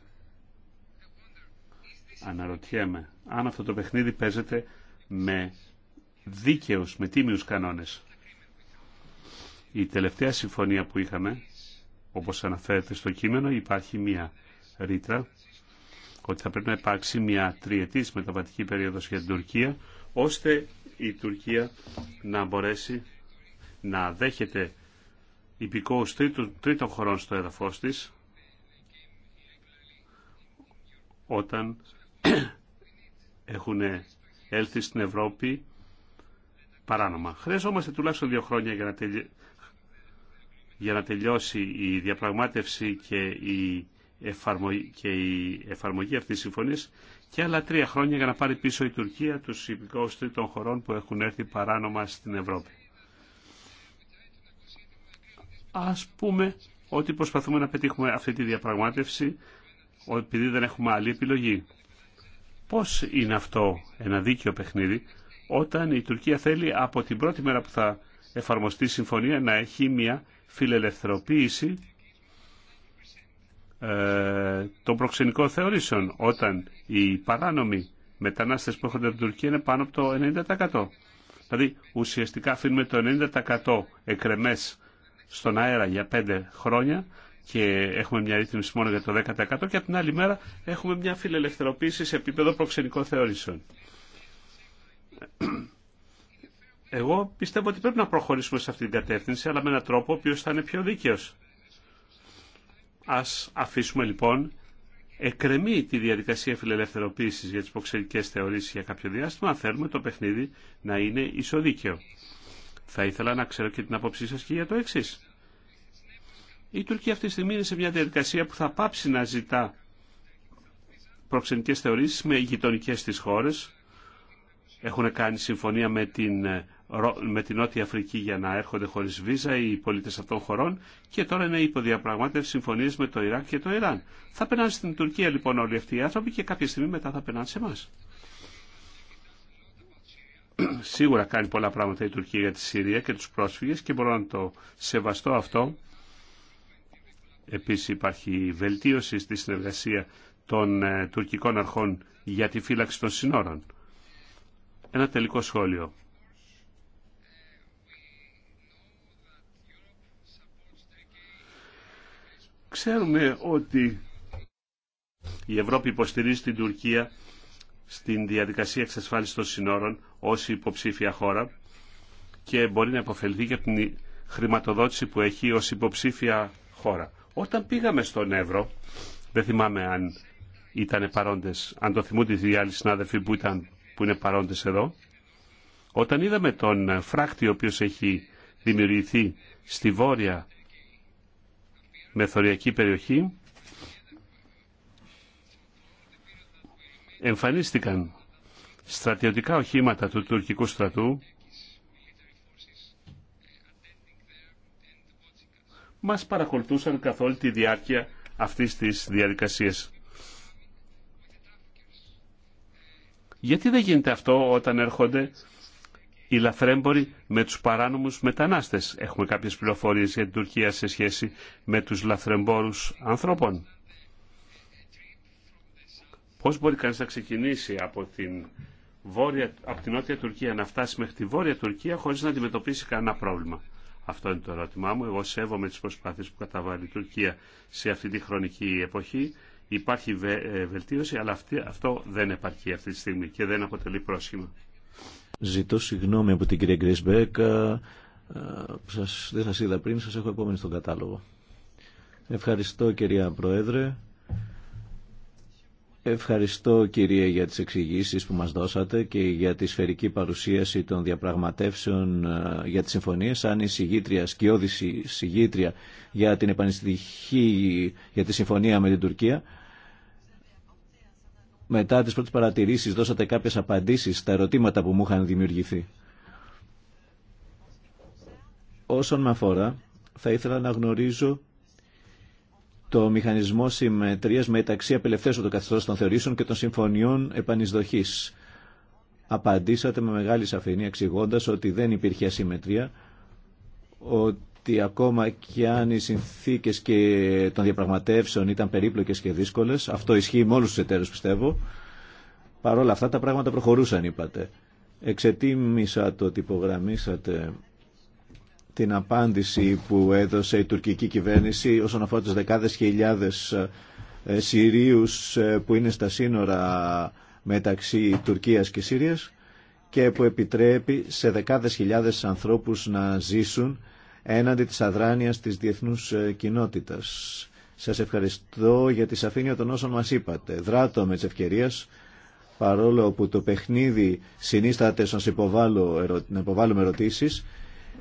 Αναρωτιέμαι αν αυτό το παιχνίδι παίζεται με δίκαιους, με τίμιους κανόνες. Η τελευταία συμφωνία που είχαμε, όπως αναφέρεται στο κείμενο, υπάρχει μία ρήτρα ότι θα πρέπει να υπάρξει μια τριετής μεταβατική περίοδος για την Τουρκία, ώστε η Τουρκία να μπορέσει να δέχεται υπηκόους τρίτων χωρών στο έδαφος της, όταν έχουν έλθει στην Ευρώπη παράνομα. Χρειαζόμαστε τουλάχιστον δύο χρόνια για να, τελειώσει η διαπραγμάτευση και η, και η εφαρμογή αυτής της συμφωνίας και άλλα τρία χρόνια για να πάρει πίσω η Τουρκία τους υπηκόους τρίτων χωρών που έχουν έρθει παράνομα στην Ευρώπη. Ας πούμε ότι προσπαθούμε να πετύχουμε αυτή τη διαπραγμάτευση επειδή δεν έχουμε άλλη επιλογή. Πώς είναι αυτό ένα δίκαιο παιχνίδι όταν η Τουρκία θέλει από την πρώτη μέρα που θα εφαρμοστεί η συμφωνία να έχει μια φιλελευθερωποίηση ε, των προξενικών θεωρήσεων όταν οι παράνομοι μετανάστες που έρχονται από την Τουρκία είναι πάνω από το 90%. Δηλαδή ουσιαστικά αφήνουμε το 90% εκρεμές στον αέρα για 5 χρόνια και έχουμε μια ρύθμιση μόνο για το 10% και από την άλλη μέρα έχουμε μια φιλελευθερωποίηση σε επίπεδο προξενικών θεωρήσεων. Εγώ πιστεύω ότι πρέπει να προχωρήσουμε σε αυτή την κατεύθυνση, αλλά με έναν τρόπο ο οποίος θα είναι πιο δίκαιος. Ας αφήσουμε λοιπόν εκρεμεί τη διαδικασία φιλελευθεροποίησης για τις υποξερικές θεωρήσεις για κάποιο διάστημα, αν θέλουμε το παιχνίδι να είναι ισοδίκαιο. Θα ήθελα να ξέρω και την άποψή σας και για το εξή. Η Τουρκία αυτή τη στιγμή είναι σε μια διαδικασία που θα πάψει να ζητά προξενικές θεωρήσεις με γειτονικέ της χώρες έχουν κάνει συμφωνία με την, ε, με την Νότια Αφρική για να έρχονται χωρίς βίζα οι πολίτες αυτών χωρών και τώρα είναι υποδιαπραγμάτευση συμφωνίες με το Ιράκ και το Ιράν. Θα περνάνε στην Τουρκία λοιπόν όλοι αυτοί οι άνθρωποι και κάποια στιγμή μετά θα περνάνε σε εμά. Σίγουρα κάνει πολλά πράγματα η Τουρκία για τη Συρία και τους πρόσφυγες και μπορώ να το σεβαστώ αυτό. Επίσης υπάρχει βελτίωση στη συνεργασία των ε, τουρκικών αρχών για τη φύλαξη των συνόρων. Ένα τελικό σχόλιο. Ξέρουμε ότι η Ευρώπη υποστηρίζει την Τουρκία στην διαδικασία εξασφάλισης των συνόρων ως υποψήφια χώρα και μπορεί να υποφελθεί και από την χρηματοδότηση που έχει ως υποψήφια χώρα. Όταν πήγαμε στον Εύρο, δεν θυμάμαι αν ήταν παρόντες, αν το θυμούνται οι άλλοι συνάδελφοι που ήταν που είναι παρόντες εδώ. Όταν είδαμε τον ε, φράχτη ο οποίος έχει δημιουργηθεί στη βόρεια μεθοριακή περιοχή, εμφανίστηκαν στρατιωτικά οχήματα του τουρκικού στρατού μας παρακολουθούσαν καθ' όλη τη διάρκεια αυτής της διαδικασίας. Γιατί δεν γίνεται αυτό όταν έρχονται οι λαθρέμποροι με τους παράνομους μετανάστες. Έχουμε κάποιες πληροφορίες για την Τουρκία σε σχέση με τους λαθρεμπόρους ανθρώπων. Πώς μπορεί κανείς να ξεκινήσει από την, βόρεια, από νότια Τουρκία να φτάσει μέχρι τη βόρεια Τουρκία χωρίς να αντιμετωπίσει κανένα πρόβλημα. Αυτό είναι το ερώτημά μου. Εγώ σέβομαι τις προσπάθειες που καταβάλει η Τουρκία σε αυτή τη χρονική εποχή Υπάρχει ε, βελτίωση, αλλά αυτό δεν επαρκεί αυτή τη στιγμή και δεν αποτελεί πρόσχημα. Ζητώ συγγνώμη από την κυρία Γκρίσμπεκ. Ε, ε, σας, δεν σας είδα πριν, σας έχω επόμενη στον κατάλογο. Ευχαριστώ κυρία Πρόεδρε. Ευχαριστώ κύριε για τις εξηγήσεις που μας δώσατε και για τη σφαιρική παρουσίαση των διαπραγματεύσεων ε, για τη συμφωνίες. Σαν η συγγήτρια, σκιώδη συγγήτρια για την επανειστηχή για τη συμφωνία με την Τουρκία. Μετά τις πρώτες παρατηρήσεις δώσατε κάποιες απαντήσεις στα ερωτήματα που μου είχαν δημιουργηθεί. Όσον με αφορά, θα ήθελα να γνωρίζω το μηχανισμό συμμετρίας μεταξύ απελευθέρωσης των καθεστώτων των θεωρήσεων και των συμφωνιών επανεισδοχή. Απαντήσατε με μεγάλη σαφήνεια εξηγώντα ότι δεν υπήρχε ασυμμετρία, ότι ακόμα και αν οι συνθήκε και των διαπραγματεύσεων ήταν περίπλοκες και δύσκολε, αυτό ισχύει με όλου του εταίρου πιστεύω, παρόλα αυτά τα πράγματα προχωρούσαν είπατε. Εξετίμησα το ότι υπογραμμίσατε την απάντηση που έδωσε η τουρκική κυβέρνηση όσον αφορά τις δεκάδες χιλιάδες ε, Συρίους ε, που είναι στα σύνορα μεταξύ Τουρκίας και Συρίας και που επιτρέπει σε δεκάδες χιλιάδες ανθρώπους να ζήσουν έναντι της αδράνειας της διεθνούς ε, κοινότητας. Σας ευχαριστώ για τη σαφήνεια των όσων μας είπατε. Δράτω με τις ευκαιρίες, παρόλο που το παιχνίδι συνίσταται στο να υποβάλλουμε ερωτήσεις,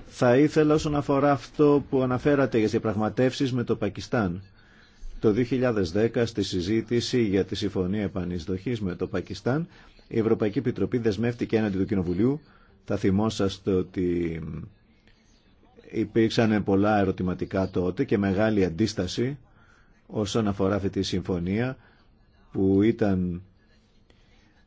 θα ήθελα όσον αφορά αυτό που αναφέρατε για τις διαπραγματεύσεις με το Πακιστάν. Το 2010 στη συζήτηση για τη Συμφωνία Επανεισδοχής με το Πακιστάν η Ευρωπαϊκή Επιτροπή δεσμεύτηκε έναντι του Κοινοβουλίου. Θα θυμόσαστε ότι υπήρξαν πολλά ερωτηματικά τότε και μεγάλη αντίσταση όσον αφορά αυτή τη συμφωνία που ήταν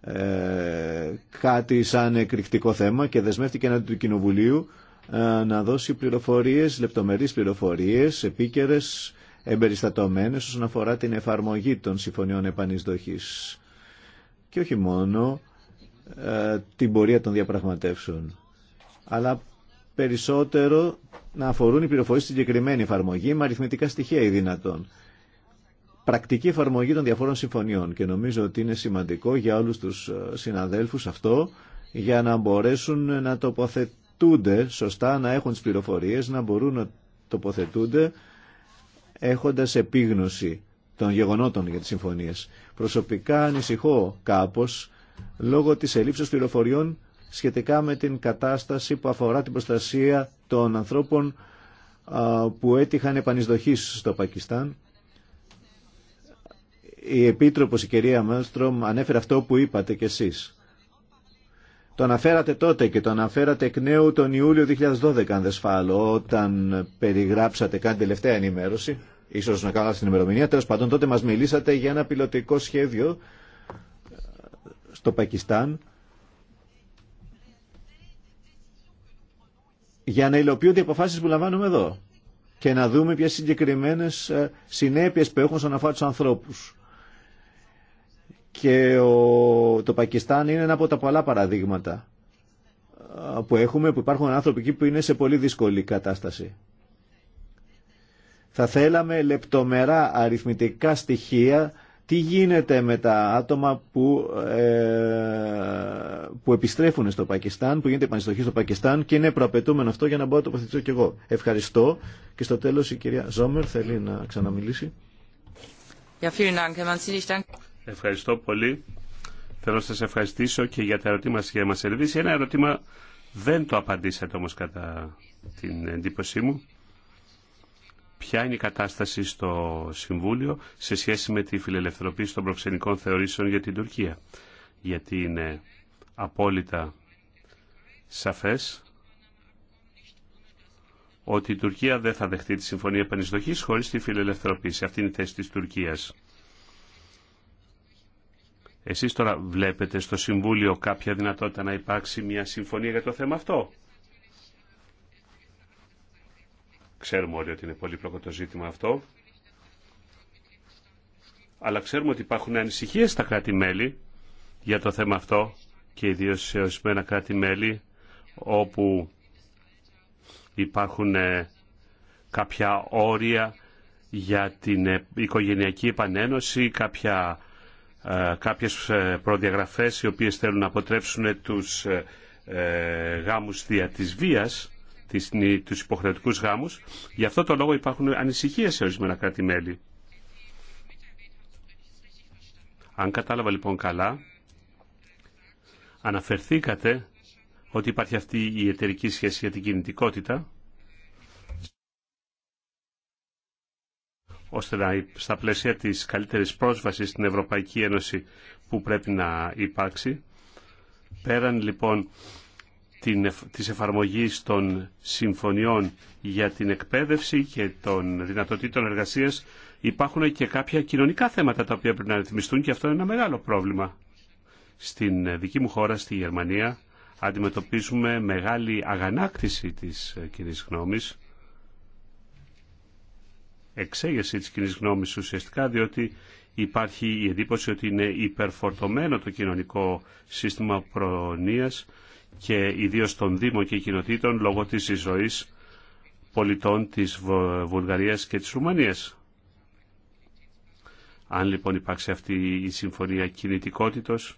ε, κάτι σαν εκρηκτικό θέμα και δεσμεύτηκε έναντι του Κοινοβουλίου ε, να δώσει πληροφορίες, λεπτομερείς πληροφορίες, επίκαιρες, εμπεριστατωμένες όσον αφορά την εφαρμογή των συμφωνιών επανεισδοχής. Και όχι μόνο ε, την πορεία των διαπραγματεύσεων, αλλά περισσότερο να αφορούν οι πληροφορίες στην συγκεκριμένη εφαρμογή με αριθμητικά στοιχεία ή δυνατόν. Πρακτική εφαρμογή των διαφόρων συμφωνιών και νομίζω ότι είναι σημαντικό για όλους τους ε, συναδέλφους αυτό για να μπορέσουν να τοποθετήσουν τοποθετούνται σωστά, να έχουν τις πληροφορίες, να μπορούν να τοποθετούνται έχοντας επίγνωση των γεγονότων για τις συμφωνίες. Προσωπικά ανησυχώ κάπως λόγω της ελλείψης πληροφοριών σχετικά με την κατάσταση που αφορά την προστασία των ανθρώπων που έτυχαν επανεισδοχής στο Πακιστάν. Η Επίτροπος, η κυρία Μέλστρομ, ανέφερε αυτό που είπατε κι εσείς. Το αναφέρατε τότε και το αναφέρατε εκ νέου τον Ιούλιο 2012, αν δεν σφάλω, όταν περιγράψατε κάτι τελευταία ενημέρωση, ίσως να κάνω την ημερομηνία, τέλο πάντων τότε μας μιλήσατε για ένα πιλωτικό σχέδιο ε, στο Πακιστάν για να υλοποιούνται οι αποφάσεις που λαμβάνουμε εδώ και να δούμε ποιε συγκεκριμένε ε, συνέπειε που έχουν σαν αφορά του ανθρώπους. Και ο, το Πακιστάν είναι ένα από τα πολλά παραδείγματα ε, που έχουμε, που υπάρχουν άνθρωποι εκεί που είναι σε πολύ δύσκολη κατάσταση. Θα θέλαμε λεπτομερά αριθμητικά στοιχεία τι γίνεται με τα άτομα που, ε, που επιστρέφουν στο Πακιστάν, που γίνεται επανιστοχή στο Πακιστάν και είναι προαπαιτούμενο αυτό για να μπορώ να τοποθετήσω κι εγώ. Ευχαριστώ και στο τέλος η κυρία Ζόμερ θέλει να ξαναμιλήσει. Ja, Ευχαριστώ πολύ. Θέλω να σας ευχαριστήσω και για τα ερωτήματα για μας ελβήσει. Ένα ερώτημα δεν το απαντήσατε όμως κατά την εντύπωσή μου. Ποια είναι η κατάσταση στο Συμβούλιο σε σχέση με τη φιλελευθερωποίηση των προξενικών θεωρήσεων για την Τουρκία. Γιατί είναι απόλυτα σαφές ότι η Τουρκία δεν θα δεχτεί τη Συμφωνία Επανεισδοχής χωρίς τη φιλελευθερωποίηση. Αυτή είναι η θέση της Τουρκίας. Εσείς τώρα βλέπετε στο Συμβούλιο κάποια δυνατότητα να υπάρξει μια συμφωνία για το θέμα αυτό. Ξέρουμε όλοι ότι είναι πολύ το ζήτημα αυτό. Αλλά ξέρουμε ότι υπάρχουν ανησυχίες στα κράτη-μέλη για το θέμα αυτό και ιδίως σε ορισμένα κράτη-μέλη όπου υπάρχουν ε, κάποια όρια για την ε, οικογενειακή επανένωση, κάποια ε, κάποιες ε, προδιαγραφές οι οποίες θέλουν να αποτρέψουν τους ε, γάμους δια της βίας, τους υποχρεωτικούς γάμους. Γι' αυτό το λόγο υπάρχουν ανησυχίες σε ορισμένα κράτη-μέλη. Αν κατάλαβα λοιπόν καλά, αναφερθήκατε ότι υπάρχει αυτή η εταιρική σχέση για την κινητικότητα ώστε να, στα πλαίσια της καλύτερης πρόσβασης στην Ευρωπαϊκή Ένωση που πρέπει να υπάρξει. Πέραν λοιπόν την, της εφαρμογής των συμφωνιών για την εκπαίδευση και των δυνατοτήτων εργασίας υπάρχουν και κάποια κοινωνικά θέματα τα οποία πρέπει να ρυθμιστούν και αυτό είναι ένα μεγάλο πρόβλημα. Στην ε, δική μου χώρα, στη Γερμανία, αντιμετωπίζουμε μεγάλη αγανάκτηση της ε, κοινή γνώμης εξέγερση της κοινή γνώμη ουσιαστικά, διότι υπάρχει η εντύπωση ότι είναι υπερφορτωμένο το κοινωνικό σύστημα προνοίας και ιδίως των Δήμων και κοινοτήτων λόγω της ζωής πολιτών της Βουλγαρίας και της Ρουμανίας. Αν λοιπόν υπάρξει αυτή η συμφωνία κινητικότητος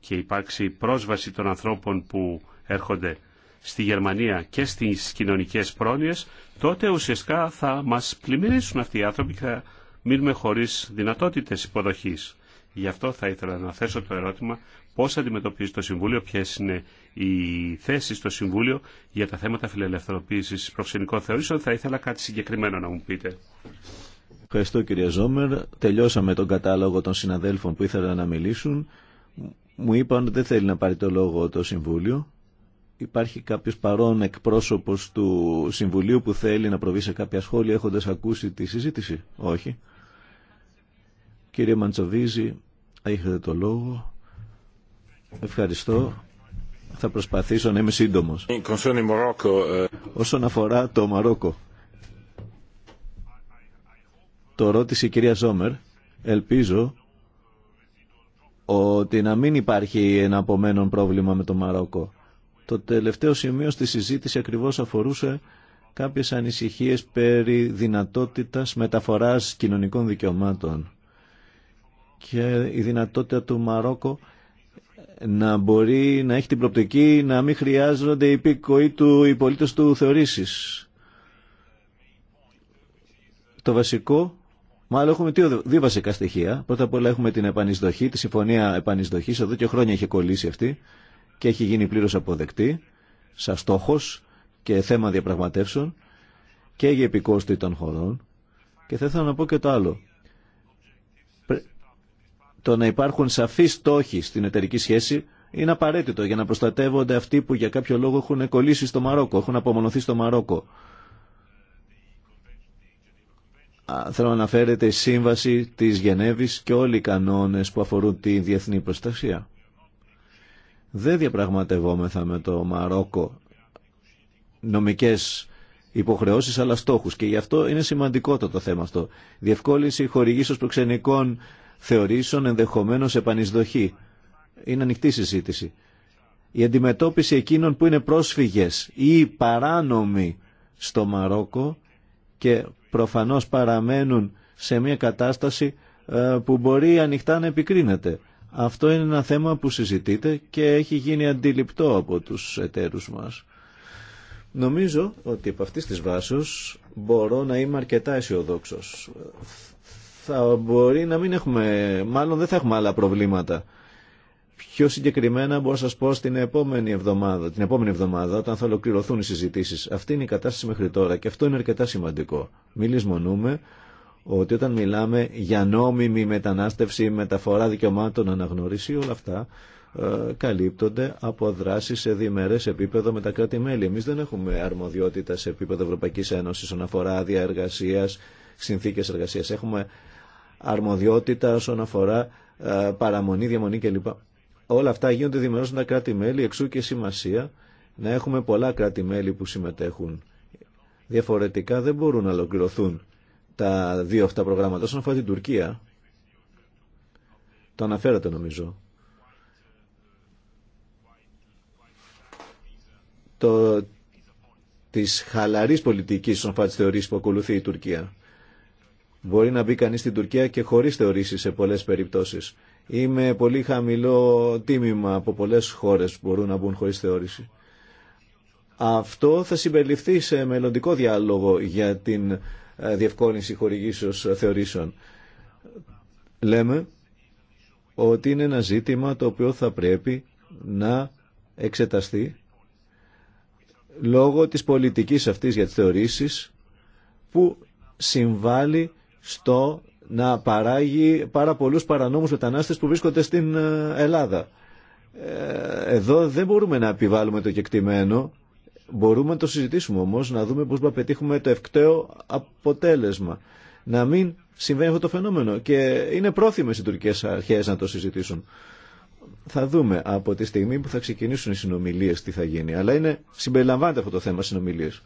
και υπάρξει πρόσβαση των ανθρώπων που έρχονται στη Γερμανία και στις κοινωνικές πρόνοιες, τότε ουσιαστικά θα μας πλημμυρίσουν αυτοί οι άνθρωποι και θα μείνουμε χωρίς δυνατότητες υποδοχής. Γι' αυτό θα ήθελα να θέσω το ερώτημα πώς αντιμετωπίζει το Συμβούλιο, ποιες είναι οι θέσεις στο Συμβούλιο για τα θέματα φιλελευθερωποίησης προξενικών θεωρήσεων. Θα ήθελα κάτι συγκεκριμένο να μου πείτε. Ευχαριστώ κύριε Ζόμερ. Τελειώσαμε τον κατάλογο των συναδέλφων που ήθελαν να μιλήσουν. Μου είπαν ότι δεν θέλει να πάρει το λόγο το Συμβούλιο. Υπάρχει κάποιος παρόν εκπρόσωπος του Συμβουλίου που θέλει να προβεί σε κάποια σχόλια έχοντας ακούσει τη συζήτηση. Όχι. Κύριε Μαντσοβίζη, έχετε το λόγο. Ευχαριστώ. Θα προσπαθήσω να είμαι σύντομος. Ε, Όσον αφορά το Μαρόκο, το ρώτησε η κυρία Ζόμερ. Ελπίζω ότι να μην υπάρχει ένα απομένον πρόβλημα με το Μαρόκο. Το τελευταίο σημείο στη συζήτηση ακριβώς αφορούσε κάποιες ανησυχίες περί δυνατότητας μεταφοράς κοινωνικών δικαιωμάτων και η δυνατότητα του Μαρόκο να μπορεί να έχει την προπτική να μην χρειάζονται οι υπήκοοι του, οι του θεωρήσεις. Το βασικό, μάλλον έχουμε δύο, βασικά στοιχεία. Πρώτα απ' όλα έχουμε την επανεισδοχή, τη συμφωνία επανεισδοχής, εδώ και χρόνια είχε κολλήσει αυτή και έχει γίνει πλήρως αποδεκτή σαν στόχο και θέμα διαπραγματεύσεων και για επικόστη των χωρών. Και θα ήθελα να πω και το άλλο. Το να υπάρχουν σαφείς στόχοι στην εταιρική σχέση είναι απαραίτητο για να προστατεύονται αυτοί που για κάποιο λόγο έχουν κολλήσει στο Μαρόκο, έχουν απομονωθεί στο Μαρόκο. Θέλω να αναφέρεται η σύμβαση της Γενέβης και όλοι οι κανόνες που αφορούν τη διεθνή προστασία δεν διαπραγματευόμεθα με το Μαρόκο νομικές υποχρεώσεις αλλά στόχους και γι' αυτό είναι σημαντικό το, το θέμα αυτό. Διευκόλυνση χορηγήσεως προξενικών θεωρήσεων ενδεχομένως επανεισδοχή. Είναι ανοιχτή συζήτηση. Η αντιμετώπιση εκείνων που είναι πρόσφυγες ή παράνομοι στο Μαρόκο και προφανώς παραμένουν σε μια κατάσταση ε, που μπορεί ανοιχτά να επικρίνεται. Αυτό είναι ένα θέμα που συζητείται και έχει γίνει αντιληπτό από τους εταίρους μας. Νομίζω ότι από αυτής της βάσης μπορώ να είμαι αρκετά αισιοδόξο. Θα μπορεί να μην έχουμε, μάλλον δεν θα έχουμε άλλα προβλήματα. Πιο συγκεκριμένα μπορώ να σας πω στην επόμενη εβδομάδα, την επόμενη εβδομάδα όταν θα ολοκληρωθούν οι συζητήσεις. Αυτή είναι η κατάσταση μέχρι τώρα και αυτό είναι αρκετά σημαντικό. Μιλισμονούμε ότι όταν μιλάμε για νόμιμη μετανάστευση, μεταφορά δικαιωμάτων, αναγνώριση, όλα αυτά ε, καλύπτονται από δράσει σε διμερέ επίπεδο με τα κράτη-μέλη. Εμεί δεν έχουμε αρμοδιότητα σε επίπεδο Ευρωπαϊκή Ένωση όσον αφορά άδεια εργασία, συνθήκε εργασία. Έχουμε αρμοδιότητα όσον αφορά ε, παραμονή, διαμονή κλπ. Όλα αυτά γίνονται διμερώ με τα κράτη-μέλη, εξού και σημασία να έχουμε πολλά κράτη-μέλη που συμμετέχουν. Διαφορετικά δεν μπορούν να ολοκληρωθούν τα δύο αυτά προγράμματα. Όσον αφορά την Τουρκία, το αναφέρατε νομίζω. Το, της χαλαρής πολιτικής όσον αφορά τις θεωρήσεις που ακολουθεί η Τουρκία. Μπορεί να μπει κανείς στην Τουρκία και χωρίς θεωρήσεις σε πολλές περιπτώσεις. με πολύ χαμηλό τίμημα από πολλές χώρες που μπορούν να μπουν χωρίς θεώρηση. Αυτό θα συμπεριληφθεί σε μελλοντικό διάλογο για την ε, διευκόλυνση χορηγήσεως ε, θεωρήσεων. Λέμε ότι είναι ένα ζήτημα το οποίο θα πρέπει να εξεταστεί λόγω της πολιτικής αυτής για τις θεωρήσεις που συμβάλλει στο να παράγει πάρα πολλούς παρανόμους μετανάστες που βρίσκονται στην ε, Ελλάδα. Εδώ δεν μπορούμε να επιβάλλουμε το κεκτημένο Μπορούμε να το συζητήσουμε όμως, να δούμε πώς θα πετύχουμε το ευκταίο αποτέλεσμα. Να μην συμβαίνει αυτό το φαινόμενο. Και είναι πρόθυμες οι τουρκικές αρχές να το συζητήσουν. Θα δούμε από τη στιγμή που θα ξεκινήσουν οι συνομιλίες τι θα γίνει. Αλλά είναι, συμπεριλαμβάνεται αυτό το θέμα συνομιλίες.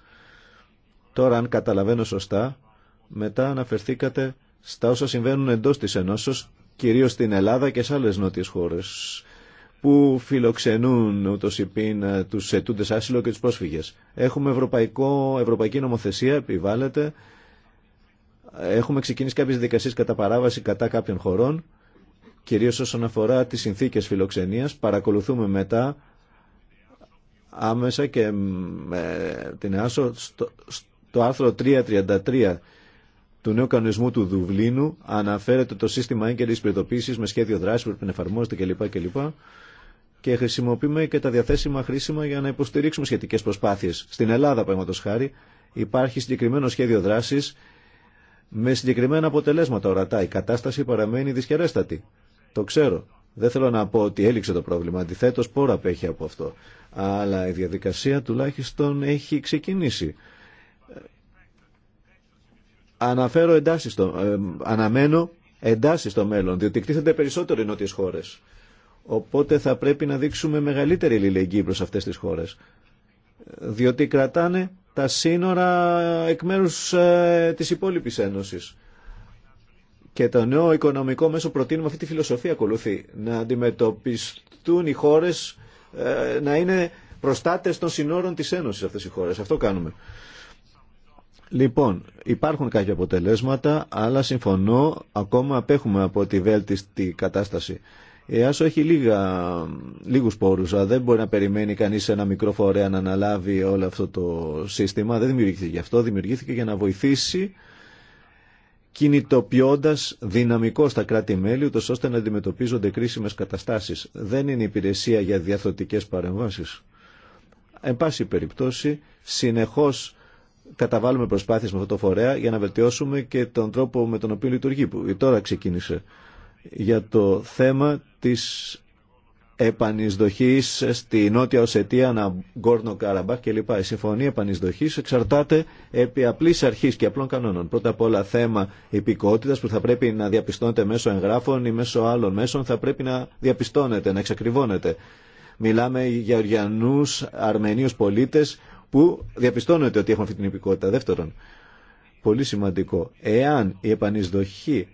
Τώρα αν καταλαβαίνω σωστά, μετά αναφερθήκατε στα όσα συμβαίνουν εντός της Ενώσεως, κυρίως στην Ελλάδα και σε άλλες νότιες χώρες που φιλοξενούν ούτω υπήν ε, του ετούντε άσυλο και του πρόσφυγε. Έχουμε ευρωπαϊκό, ευρωπαϊκή νομοθεσία, επιβάλλεται. Έχουμε ξεκινήσει κάποιε δικασίε κατά παράβαση κατά κάποιων χωρών, κυρίω όσον αφορά τι συνθήκε φιλοξενία. Παρακολουθούμε μετά άμεσα και με την ΕΑΣΟ στο, άρθρο 333 του νέου κανονισμού του Δουβλίνου αναφέρεται το σύστημα έγκαιρης προειδοποίησης με σχέδιο δράσης που πρέπει να εφαρμόζεται κλπ. κλπ και χρησιμοποιούμε και τα διαθέσιμα χρήσιμα για να υποστηρίξουμε σχετικές προσπάθειες. Στην Ελλάδα, παραδείγματο χάρη, υπάρχει συγκεκριμένο σχέδιο δράσης με συγκεκριμένα αποτελέσματα ορατά. Η κατάσταση παραμένει δυσχερέστατη. Το ξέρω. Δεν θέλω να πω ότι έληξε το πρόβλημα. Αντιθέτω, πόρα απέχει από αυτό. Αλλά η διαδικασία τουλάχιστον έχει ξεκινήσει. Αναφέρω στο, ε, αναμένω εντάσει στο μέλλον, διότι εκτίθενται περισσότερο οι νότιε χώρε. Οπότε θα πρέπει να δείξουμε μεγαλύτερη αλληλεγγύη προς αυτές τις χώρες. Διότι κρατάνε τα σύνορα εκ μέρους ε, της υπόλοιπης Ένωσης. Και το νέο οικονομικό μέσο προτείνουμε αυτή τη φιλοσοφία ακολουθεί. Να αντιμετωπιστούν οι χώρες, ε, να είναι προστάτες των συνόρων της Ένωσης αυτές οι χώρες. Αυτό κάνουμε. Λοιπόν, υπάρχουν κάποια αποτελέσματα, αλλά συμφωνώ, ακόμα απέχουμε από τη βέλτιστη κατάσταση. Η ΆΣΟ έχει λίγα, λίγους πόρους, αλλά δεν μπορεί να περιμένει κανείς ένα μικρό φορέα να αναλάβει όλο αυτό το σύστημα. Δεν δημιουργήθηκε γι' αυτό, δημιουργήθηκε για να βοηθήσει κινητοποιώντας δυναμικό στα κράτη-μέλη, ούτως ώστε να αντιμετωπίζονται κρίσιμες καταστάσεις. Δεν είναι υπηρεσία για διαθωτικές παρεμβάσεις. Εν πάση περιπτώσει, συνεχώς καταβάλουμε προσπάθειες με αυτό το φορέα για να βελτιώσουμε και τον τρόπο με τον οποίο λειτουργεί, που τώρα ξεκίνησε για το θέμα της επανεισδοχής στη Νότια Οσετία, να Γκόρνο Καραμπάχ κλπ. Η συμφωνία επανεισδοχής εξαρτάται επί απλής αρχής και απλών κανόνων. Πρώτα απ' όλα θέμα υπηκότητας που θα πρέπει να διαπιστώνεται μέσω εγγράφων ή μέσω άλλων μέσων θα πρέπει να διαπιστώνεται, να εξακριβώνεται. Μιλάμε για Οριανούς, Αρμενίους πολίτες που διαπιστώνεται ότι έχουν αυτή την υπηκότητα. Δεύτερον, πολύ σημαντικό, εάν η επανεισδοχή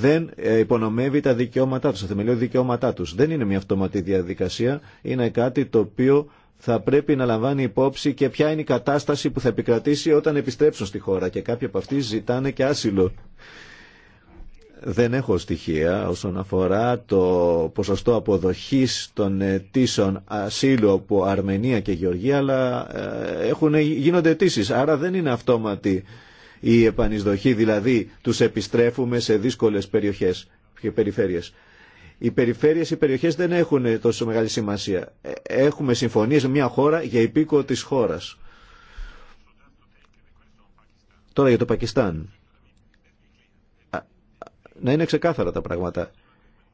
δεν ε, υπονομεύει τα δικαιώματά τους, τα θεμελιώδη δικαιώματά τους. Δεν είναι μια αυτόματη διαδικασία, είναι κάτι το οποίο θα πρέπει να λαμβάνει υπόψη και ποια είναι η κατάσταση που θα επικρατήσει όταν επιστρέψουν στη χώρα και κάποιοι από αυτοί ζητάνε και άσυλο. Δεν έχω στοιχεία όσον αφορά το ποσοστό αποδοχής των αιτήσεων ασύλου από Αρμενία και Γεωργία, αλλά ε, έχουν, ε, γίνονται αιτήσει, άρα δεν είναι αυτόματη η επανεισδοχή, δηλαδή τους επιστρέφουμε σε δύσκολες περιοχές και περιφέρειες. Οι περιφέρειες, οι περιοχές δεν έχουν τόσο μεγάλη σημασία. Ε, έχουμε συμφωνίες με μια χώρα για υπήκο της χώρας. Τώρα για το Πακιστάν. Να είναι ξεκάθαρα τα πράγματα.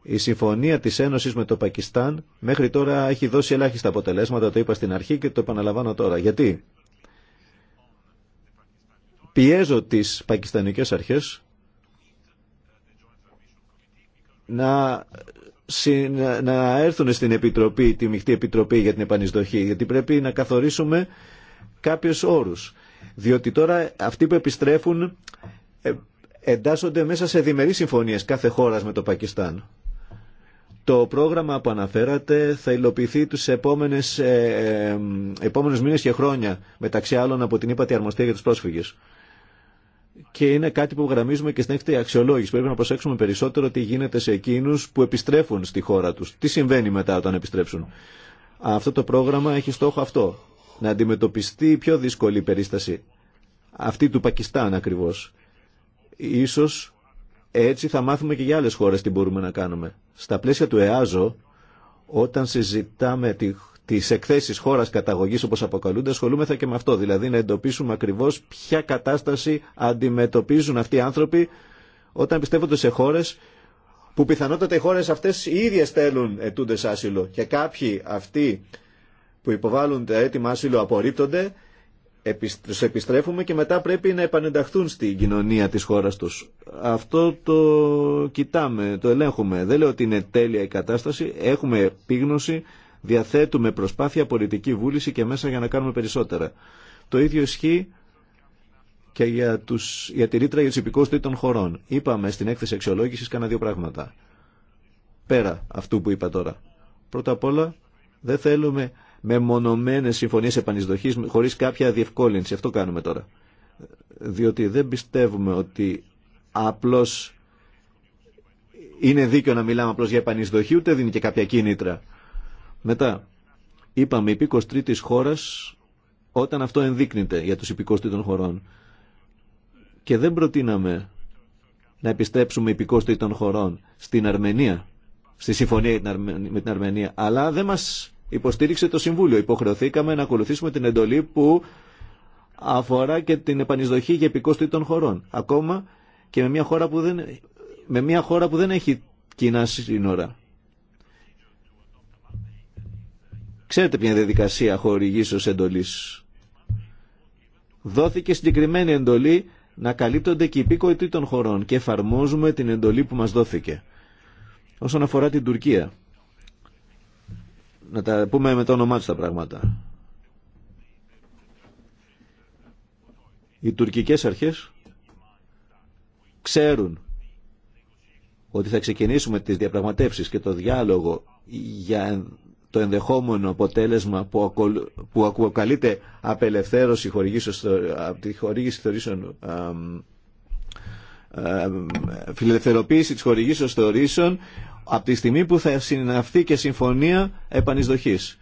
Η συμφωνία της Ένωσης με το Πακιστάν μέχρι τώρα έχει δώσει ελάχιστα αποτελέσματα, το είπα στην αρχή και το επαναλαμβάνω τώρα. Γιατί πιέζω τις πακιστανικές αρχές να, να έρθουν στην Επιτροπή, τη Μιχτή Επιτροπή για την επανεισδοχή, γιατί πρέπει να καθορίσουμε κάποιους όρους. Διότι τώρα αυτοί που επιστρέφουν ε, εντάσσονται μέσα σε διμερείς συμφωνίες κάθε χώρας με το Πακιστάν. Το πρόγραμμα που αναφέρατε θα υλοποιηθεί τους επόμενες, ε, ε, ε επόμενους μήνες και χρόνια, μεταξύ άλλων από την ΥΠΑΤΗ Αρμοστία για τους πρόσφυγες και είναι κάτι που γραμμίζουμε και στην έκτη αξιολόγηση. Πρέπει να προσέξουμε περισσότερο τι γίνεται σε εκείνους που επιστρέφουν στη χώρα τους. Τι συμβαίνει μετά όταν επιστρέψουν. Αυτό το πρόγραμμα έχει στόχο αυτό. Να αντιμετωπιστεί η πιο δύσκολη περίσταση. Αυτή του Πακιστάν ακριβώς. Ίσως έτσι θα μάθουμε και για άλλε χώρε τι μπορούμε να κάνουμε. Στα πλαίσια του ΕΑΖΟ, όταν συζητάμε τη τι εκθέσει χώρα καταγωγή όπω αποκαλούνται, ασχολούμεθα και με αυτό. Δηλαδή να εντοπίσουμε ακριβώ ποια κατάσταση αντιμετωπίζουν αυτοί οι άνθρωποι όταν πιστεύονται σε χώρε που πιθανότατα οι χώρε αυτέ οι ίδιε θέλουν ετούντε άσυλο. Και κάποιοι αυτοί που υποβάλλουν τα έτοιμα άσυλο απορρίπτονται, του επιστρέφουμε και μετά πρέπει να επανενταχθούν στην κοινωνία τη χώρα του. Αυτό το κοιτάμε, το ελέγχουμε. Δεν λέω ότι είναι τέλεια η κατάσταση, έχουμε επίγνωση Διαθέτουμε προσπάθεια, πολιτική βούληση και μέσα για να κάνουμε περισσότερα. Το ίδιο ισχύει και για, τους, για τη ρήτρα για του υπηκόου των χωρών. Είπαμε στην έκθεση αξιολόγηση κάνα δύο πράγματα. Πέρα αυτού που είπα τώρα. Πρώτα απ' όλα, δεν θέλουμε μεμονωμένε συμφωνίε επανεισδοχή χωρί κάποια διευκόλυνση. Αυτό κάνουμε τώρα. Διότι δεν πιστεύουμε ότι απλώ είναι δίκαιο να μιλάμε απλώ για επανεισδοχή, ούτε δίνει και κάποια κίνητρα. Μετά, είπαμε υπήκος τρίτης χώρας όταν αυτό ενδείκνυται για τους υπηκός τρίτων χωρών. Και δεν προτείναμε να επιστρέψουμε υπηκός τρίτων χωρών στην Αρμενία, στη συμφωνία με την Αρμενία, αλλά δεν μας υποστήριξε το Συμβούλιο. Υποχρεωθήκαμε να ακολουθήσουμε την εντολή που αφορά και την επανεισδοχή για υπηκός τρίτων χωρών. Ακόμα και με μια χώρα που δεν, με μια χώρα που δεν έχει κοινά σύνορα. Ξέρετε ποια είναι η διαδικασία χορηγήσεως εντολής. Δόθηκε συγκεκριμένη εντολή να καλύπτονται και οι υπήκοοι χωρών και εφαρμόζουμε την εντολή που μας δόθηκε. Όσον αφορά την Τουρκία, να τα πούμε με το όνομά τους τα πράγματα. Οι τουρκικές αρχές ξέρουν ότι θα ξεκινήσουμε τις διαπραγματεύσεις και το διάλογο για το ενδεχόμενο αποτέλεσμα που, ακολ, αποκαλείται απελευθέρωση από τη χορήγηση θεωρήσεων φιλελευθεροποίηση της θεωρήσεων από τη στιγμή που θα συναυθεί και συμφωνία επανεισδοχής.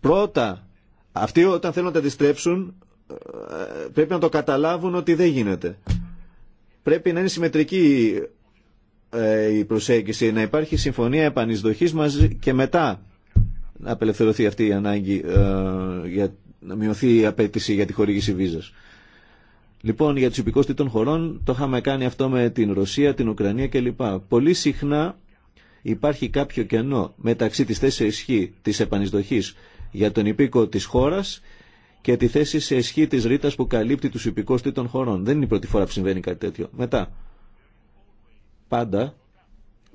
Πρώτα, αυτοί όταν θέλουν να τα αντιστρέψουν ε, πρέπει να το καταλάβουν ότι δεν γίνεται. Πρέπει να είναι συμμετρική ε, η προσέγγιση, να υπάρχει συμφωνία επανεισδοχής μαζί και μετά να απελευθερωθεί αυτή η ανάγκη ε, για να μειωθεί η απέτηση για τη χορήγηση βίζας. Λοιπόν, για τους υπηκόστητων των χωρών το είχαμε κάνει αυτό με την Ρωσία, την Ουκρανία κλπ. Πολύ συχνά υπάρχει κάποιο κενό μεταξύ της θέσης ισχύ της επανεισδοχής για τον υπήκο της χώρας και τη θέση σε ισχύ της ρήτας που καλύπτει τους υπηκόστητων των χωρών. Δεν είναι η πρώτη φορά που συμβαίνει κάτι τέτοιο. Μετά, πάντα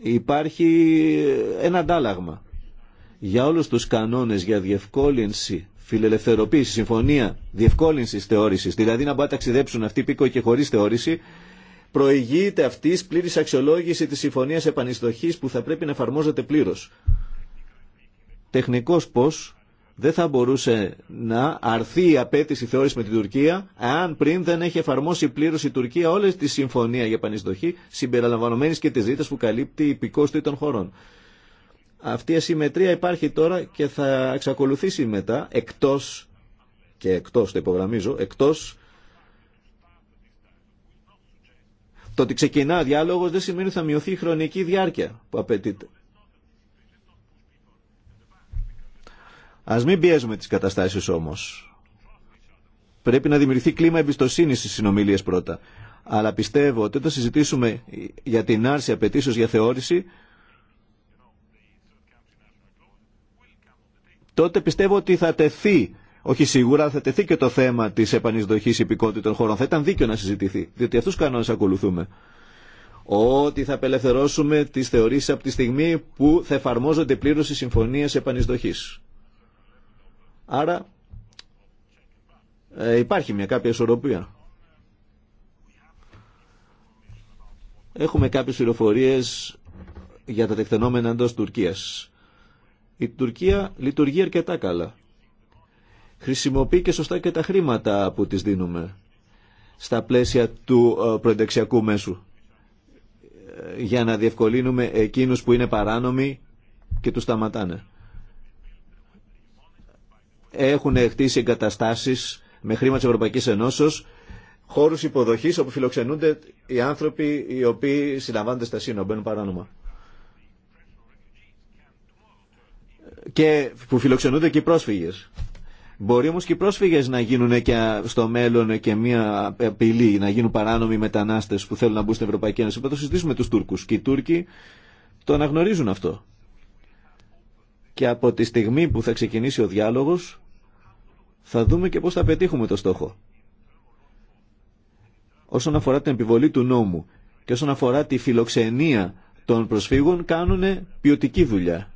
υπάρχει ένα αντάλλαγμα. Για όλους τους κανόνες για διευκόλυνση, φιλελευθεροποίηση, συμφωνία διευκόλυνση θεώρηση, δηλαδή να μπορεί να ταξιδέψουν αυτοί και χωρίς θεώρηση, προηγείται αυτή πλήρη αξιολόγηση τη συμφωνία επανιστοχή που θα πρέπει να εφαρμόζεται πλήρω. τεχνικός πώ δεν θα μπορούσε να αρθεί η απέτηση θεώρηση με την Τουρκία αν πριν δεν έχει εφαρμόσει πλήρω η Τουρκία όλε τη συμφωνία για πανεισδοχή συμπεριλαμβανομένη και τη ρήτρα που καλύπτει η πικόστη των χωρών. Αυτή η ασυμμετρία υπάρχει τώρα και θα εξακολουθήσει μετά εκτό και εκτό, το υπογραμμίζω, εκτό. Το ότι ξεκινά διάλογο δεν σημαίνει ότι θα μειωθεί η χρονική διάρκεια που απαιτείται. Ας μην πιέζουμε τις καταστάσεις όμως. Πρέπει να δημιουργηθεί κλίμα εμπιστοσύνης στις συνομιλίες πρώτα. Αλλά πιστεύω ότι όταν συζητήσουμε για την άρση απαιτήσεως για θεώρηση, τότε πιστεύω ότι θα τεθεί, όχι σίγουρα, θα τεθεί και το θέμα της επανεισδοχής υπηκότητων των χωρών. Θα ήταν δίκιο να συζητηθεί, διότι αυτούς κανόνες ακολουθούμε. Ότι θα απελευθερώσουμε τις θεωρήσεις από τη στιγμή που θα εφαρμόζονται πλήρως οι συμφωνίε επανεισδοχής. Άρα ε, υπάρχει μια κάποια ισορροπία. Έχουμε κάποιες πληροφορίες για τα τεκτενόμενα εντός Τουρκίας. Η Τουρκία λειτουργεί αρκετά καλά. Χρησιμοποιεί και σωστά και τα χρήματα που της δίνουμε στα πλαίσια του ε, προενταξιακού μέσου ε, για να διευκολύνουμε εκείνους που είναι παράνομοι και τους σταματάνε έχουν χτίσει εγκαταστάσει με χρήμα τη Ευρωπαϊκή Ενώσεω, χώρου υποδοχή όπου φιλοξενούνται οι άνθρωποι οι οποίοι συλλαμβάνονται στα σύνορα, μπαίνουν παράνομα. Και που φιλοξενούνται και οι πρόσφυγε. Μπορεί όμω και οι πρόσφυγε να γίνουν και στο μέλλον και μια απειλή, να γίνουν παράνομοι μετανάστε που θέλουν να μπουν στην Ευρωπαϊκή Ένωση. Θα το συζητήσουμε του Τούρκου. Και οι Τούρκοι το αναγνωρίζουν αυτό. Και από τη στιγμή που θα ξεκινήσει ο διάλογος θα δούμε και πώς θα πετύχουμε το στόχο. Όσον αφορά την επιβολή του νόμου και όσον αφορά τη φιλοξενία των προσφύγων κάνουν ποιοτική δουλειά.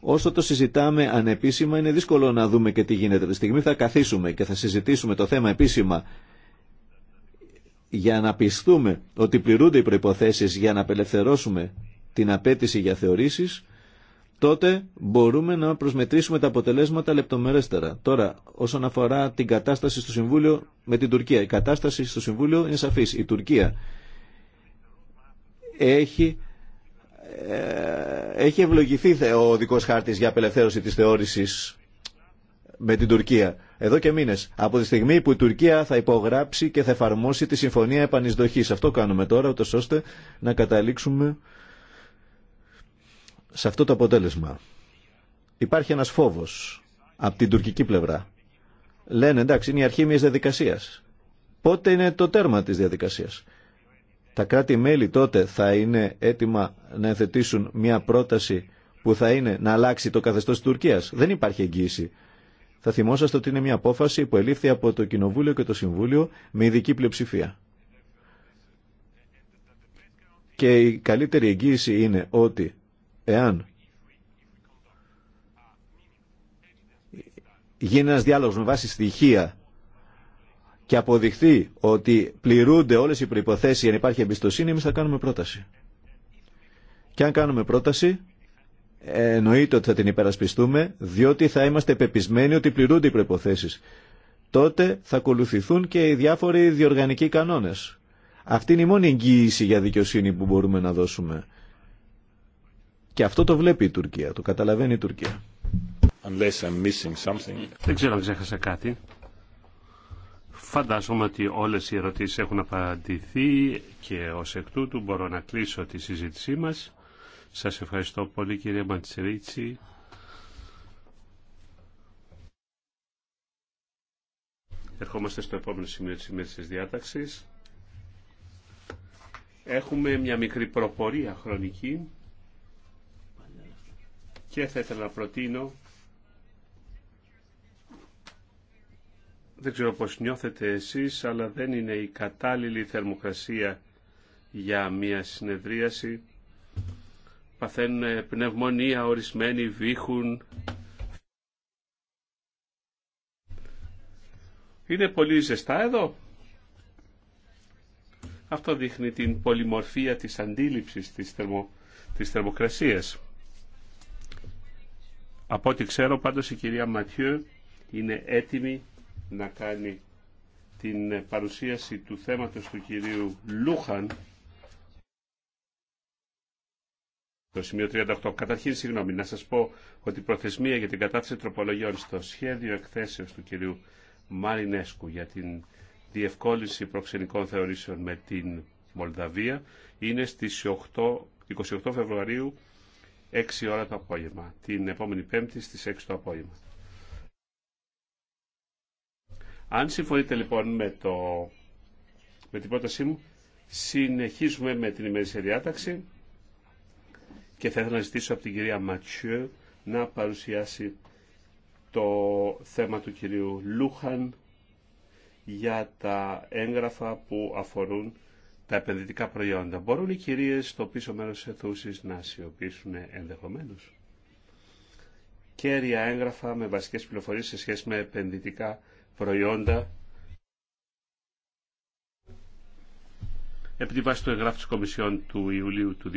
Όσο το συζητάμε ανεπίσημα είναι δύσκολο να δούμε και τι γίνεται. Τη στιγμή θα καθίσουμε και θα συζητήσουμε το θέμα επίσημα για να πιστούμε ότι πληρούνται οι προϋποθέσεις για να απελευθερώσουμε την απέτηση για θεωρήσεις τότε μπορούμε να προσμετρήσουμε τα αποτελέσματα λεπτομερέστερα. Τώρα, όσον αφορά την κατάσταση στο Συμβούλιο με την Τουρκία. Η κατάσταση στο Συμβούλιο είναι σαφής. Η Τουρκία έχει, ε, έχει ευλογηθεί ο δικός χάρτης για απελευθέρωση της θεώρησης με την Τουρκία. Εδώ και μήνε. Από τη στιγμή που η Τουρκία θα υπογράψει και θα εφαρμόσει τη συμφωνία επανεισδοχή. Αυτό κάνουμε τώρα, ώστε να καταλήξουμε σε αυτό το αποτέλεσμα. Υπάρχει ένας φόβος από την τουρκική πλευρά. Λένε εντάξει είναι η αρχή μιας διαδικασίας. Πότε είναι το τέρμα της διαδικασίας. Τα κράτη-μέλη τότε θα είναι έτοιμα να εθετήσουν μια πρόταση που θα είναι να αλλάξει το καθεστώς της Τουρκίας. Δεν υπάρχει εγγύηση. Θα θυμόσαστε ότι είναι μια απόφαση που ελήφθη από το Κοινοβούλιο και το Συμβούλιο με ειδική πλειοψηφία. Και η καλύτερη εγγύηση είναι ότι Εάν γίνει ένας διάλογος με βάση στοιχεία και αποδειχθεί ότι πληρούνται όλες οι προϋποθέσεις για να υπάρχει εμπιστοσύνη, εμείς θα κάνουμε πρόταση. Και αν κάνουμε πρόταση, εννοείται ότι θα την υπερασπιστούμε, διότι θα είμαστε πεπισμένοι ότι πληρούνται οι προϋποθέσεις. Τότε θα ακολουθηθούν και οι διάφοροι διοργανικοί κανόνες. Αυτή είναι η μόνη εγγύηση για δικαιοσύνη που μπορούμε να δώσουμε. Και αυτό το βλέπει η Τουρκία, το καταλαβαίνει η Τουρκία. Δεν ξέρω αν ξέχασα κάτι. Φαντάζομαι ότι όλες οι ερωτήσεις έχουν απαντηθεί και ως εκ τούτου μπορώ να κλείσω τη συζήτησή μας. Σας ευχαριστώ πολύ κύριε Ματσερίτσι. Ερχόμαστε στο επόμενο σημείο της ημέρας της διάταξης. Έχουμε μια μικρή προπορία χρονική και θα ήθελα να προτείνω δεν ξέρω πώς νιώθετε εσείς αλλά δεν είναι η κατάλληλη θερμοκρασία για μια συνεδρίαση παθαίνουν πνευμονία ορισμένοι βήχουν Είναι πολύ ζεστά εδώ. Αυτό δείχνει την πολυμορφία της αντίληψης της, θερμο, της θερμοκρασίας. Από ό,τι ξέρω πάντως η κυρία Ματιού είναι έτοιμη να κάνει την παρουσίαση του θέματος του κυρίου Λούχαν το σημείο 38. Καταρχήν, συγγνώμη, να σας πω ότι η προθεσμία για την κατάθεση τροπολογιών στο σχέδιο εκθέσεως του κυρίου Μαρινέσκου για την διευκόλυνση προξενικών θεωρήσεων με την Μολδαβία είναι στις 8, 28 Φεβρουαρίου 6 ώρα το απόγευμα. Την επόμενη Πέμπτη στις 6 το απόγευμα. Αν συμφωνείτε λοιπόν με, το, με την πρότασή μου, συνεχίζουμε με την ημερήσια διάταξη και θα ήθελα να ζητήσω από την κυρία Ματσιού να παρουσιάσει το θέμα του κυρίου Λούχαν για τα έγγραφα που αφορούν τα επενδυτικά προϊόντα. Μπορούν οι κυρίες στο πίσω μέρος της να σιωπήσουν ενδεχομένως. Κέρια έγγραφα με βασικές πληροφορίες σε σχέση με επενδυτικά προϊόντα επί τη βάση του εγγράφου της Κομισιόν του Ιουλίου του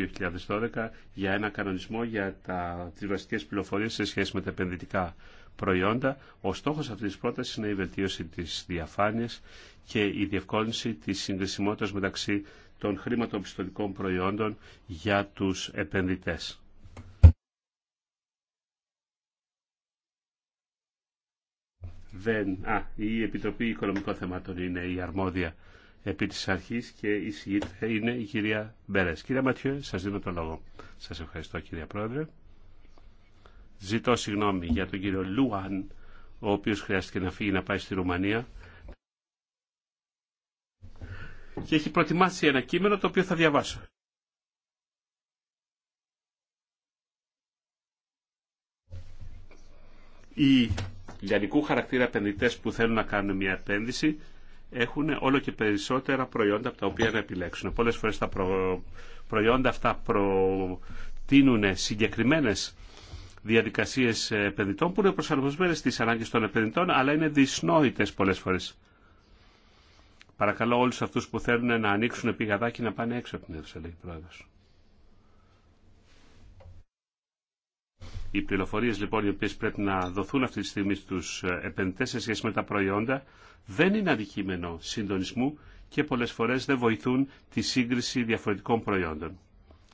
2012 για ένα κανονισμό για τα, τις βασικές πληροφορίες σε σχέση με τα επενδυτικά προϊόντα. Ο στόχος αυτής της πρότασης είναι η βελτίωση της διαφάνειας και η διευκόλυνση της συγκρισιμότητας μεταξύ των χρηματοπιστωτικών προϊόντων για τους επενδυτές. Δεν, α, η Επιτροπή Οικονομικών Θεμάτων είναι η αρμόδια επί της αρχής και η συγγήτρια είναι η κυρία Μπέρες. Κυρία Ματιέ, σας δίνω το λόγο. Σας ευχαριστώ κυρία Πρόεδρε. Ζητώ συγγνώμη για τον κύριο Λούαν, ο οποίος χρειάστηκε να φύγει να πάει στη Ρουμανία. Και έχει προετοιμάσει ένα κείμενο το οποίο θα διαβάσω. Οι λιανικού χαρακτήρα επενδυτές που θέλουν να κάνουν μια επένδυση έχουν όλο και περισσότερα προϊόντα από τα οποία να επιλέξουν. Πολλές φορές τα προϊόντα αυτά προτείνουν συγκεκριμένες διαδικασίες επενδυτών που είναι προσαρμοσμένες στις ανάγκες των επενδυτών αλλά είναι δυσνόητες πολλές φορές. Παρακαλώ όλους αυτούς που θέλουν να ανοίξουν πηγαδάκι να πάνε έξω από την Οι πληροφορίε λοιπόν οι οποίε πρέπει να δοθούν αυτή τη στιγμή στου ε, επενδυτέ σε σχέση με τα προϊόντα δεν είναι αντικείμενο συντονισμού και πολλέ φορέ δεν βοηθούν τη σύγκριση διαφορετικών προϊόντων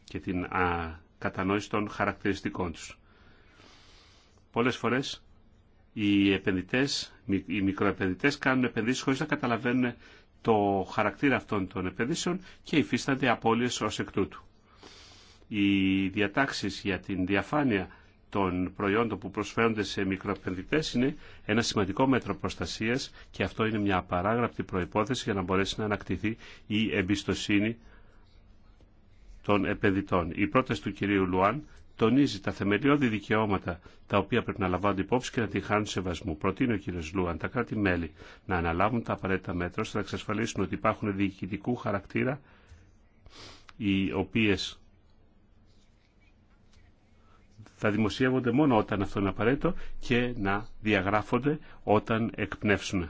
και την α, κατανόηση των χαρακτηριστικών του. Πολλέ φορέ οι επενδυτέ, οι μικροεπενδυτές κάνουν επενδύσει χωρί να καταλαβαίνουν το χαρακτήρα αυτών των επενδύσεων και υφίστανται απώλειες ως εκ τούτου. Οι διατάξεις για την διαφάνεια των προϊόντων που προσφέρονται σε μικροεπενδυτέ είναι ένα σημαντικό μέτρο προστασία και αυτό είναι μια απαράγραπτη προπόθεση για να μπορέσει να ανακτηθεί η εμπιστοσύνη των επενδυτών. Η πρόταση του κυρίου Λουάν τονίζει τα θεμελιώδη δικαιώματα τα οποία πρέπει να λαμβάνονται υπόψη και να τη χάνουν σεβασμού. Προτείνει ο κ. Λούαν τα κράτη-μέλη να αναλάβουν τα απαραίτητα μέτρα ώστε να εξασφαλίσουν ότι υπάρχουν διοικητικού χαρακτήρα οι οποίες θα δημοσιεύονται μόνο όταν αυτό είναι απαραίτητο και να διαγράφονται όταν εκπνεύσουν.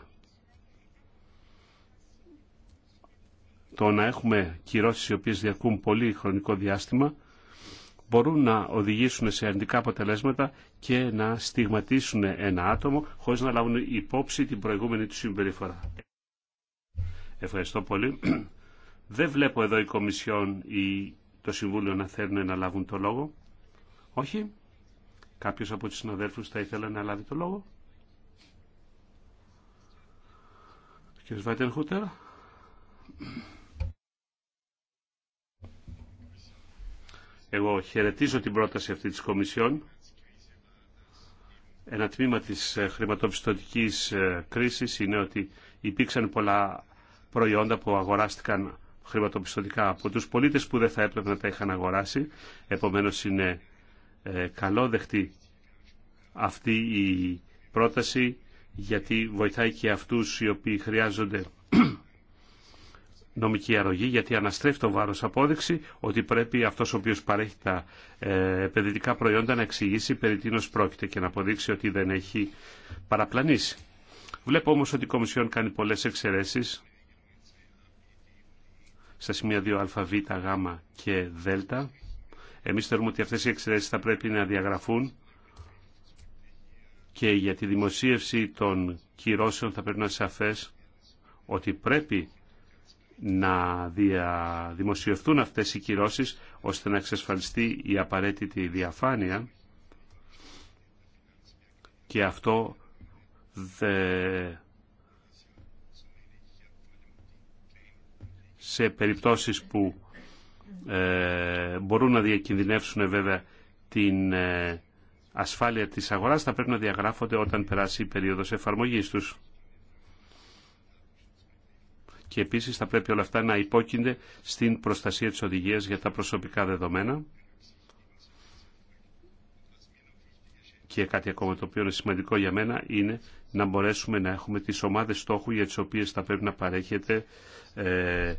Το να έχουμε κυρώσεις οι οποίες διακούν πολύ χρονικό διάστημα μπορούν να οδηγήσουν σε αρνητικά αποτελέσματα και να στιγματίσουν ένα άτομο χωρίς να λάβουν υπόψη την προηγούμενη του συμπεριφορά. Ευχαριστώ πολύ. Δεν βλέπω εδώ η Κομισιόν ή το Συμβούλιο να θέλουν να λάβουν το λόγο. Όχι. Κάποιος από τους συναδέλφους θα ήθελε να λάβει το λόγο. Κύριος Χούτερ. Εγώ χαιρετίζω την πρόταση αυτή της Κομισιόν. Ένα τμήμα της ε, χρηματοπιστωτικής ε, κρίσης είναι ότι υπήρξαν πολλά προϊόντα που αγοράστηκαν χρηματοπιστωτικά από τους πολίτες που δεν θα έπρεπε να τα είχαν αγοράσει. Επομένως είναι ε, καλό δεχτεί αυτή η πρόταση γιατί βοηθάει και αυτούς οι οποίοι χρειάζονται νομική αρρωγή γιατί αναστρέφει το βάρος απόδειξη ότι πρέπει αυτός ο οποίος παρέχει τα ε, επενδυτικά προϊόντα να εξηγήσει περί τίνος πρόκειται και να αποδείξει ότι δεν έχει παραπλανήσει. Βλέπω όμως ότι η Κομισιόν κάνει πολλές εξαιρέσεις στα σημεία 2α, β, και δ εμείς θεωρούμε ότι αυτές οι εξαιρέσεις θα πρέπει να διαγραφούν και για τη δημοσίευση των κυρώσεων θα πρέπει να είναι σαφές ότι πρέπει να δια... δημοσιευθούν αυτές οι κυρώσεις ώστε να εξασφαλιστεί η απαραίτητη διαφάνεια και αυτό σε περιπτώσεις που ε, μπορούν να διακινδυνεύσουν βέβαια την ε, ασφάλεια της αγοράς θα πρέπει να διαγράφονται όταν περάσει η περίοδος εφαρμογής τους. Και επίσης θα πρέπει όλα αυτά να υπόκεινται στην προστασία της οδηγίας για τα προσωπικά δεδομένα. Και κάτι ακόμα το οποίο είναι σημαντικό για μένα είναι να μπορέσουμε να έχουμε τις ομάδες στόχου για τις οποίες θα πρέπει να παρέχεται ε,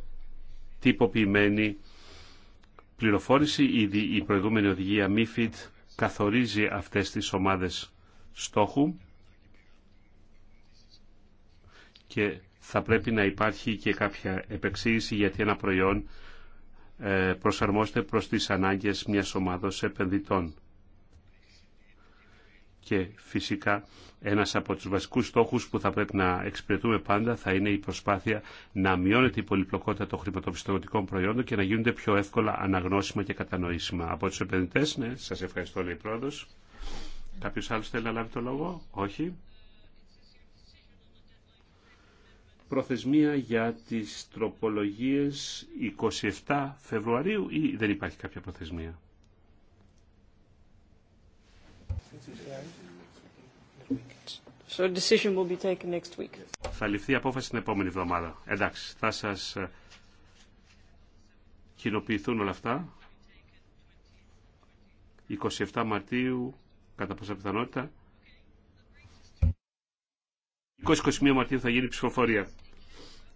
τυποποιημένη πληροφόρηση. η προηγούμενη οδηγία MIFID καθορίζει αυτές τις ομάδες στόχου και θα πρέπει να υπάρχει και κάποια επεξήγηση γιατί ένα προϊόν ε, προσαρμόζεται προς τις ανάγκες μιας ομάδος επενδυτών. Και φυσικά ένα από τους βασικούς στόχου που θα πρέπει να εξυπηρετούμε πάντα θα είναι η προσπάθεια να μειώνεται η πολυπλοκότητα των χρηματοπιστωτικών προϊόντων και να γίνονται πιο εύκολα αναγνώσιμα και κατανοήσιμα. Από τους επενδυτέ. ναι, σας ευχαριστώ λέει πρόεδρο. Κάποιο άλλο θέλει να λάβει το λόγο, όχι. Προθεσμία για τις τροπολογίες 27 Φεβρουαρίου ή δεν υπάρχει κάποια προθεσμία. Θα ληφθεί η απόφαση την επόμενη εβδομάδα. Εντάξει, θα σας ε, κοινοποιηθούν όλα αυτά. 27 Μαρτίου, κατά πάσα πιθανότητα. 20-21 Μαρτίου θα γίνει ψηφοφορία.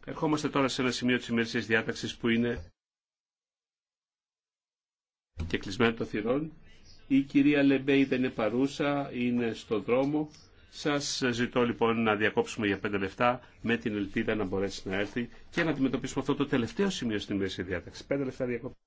Ερχόμαστε τώρα σε ένα σημείο της τη διάταξης που είναι και κλεισμένο το θυρών. Η κυρία Λεμπέη δεν είναι παρούσα, είναι στο δρόμο. Σας ζητώ λοιπόν να διακόψουμε για πέντε λεπτά με την ελπίδα να μπορέσει να έρθει και να αντιμετωπίσουμε αυτό το τελευταίο σημείο στην μέση διάταξη. Πέντε λεπτά διακόψουμε.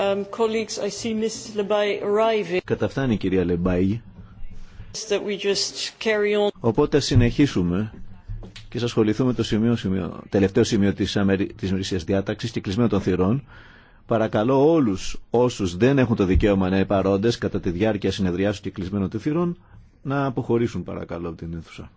Um, Καταφτάνει η κυρία Λεμπάη. Οπότε we Οπότε συνεχίσουμε και σας ασχοληθούμε το σημείο, σημείο, τελευταίο σημείο της, Αμερι... της Διάταξης και κλεισμένο των θυρών. Παρακαλώ όλους όσους δεν έχουν το δικαίωμα να είναι παρόντες κατά τη διάρκεια συνεδριάσου και κλεισμένο των θυρών να αποχωρήσουν παρακαλώ από την αίθουσα.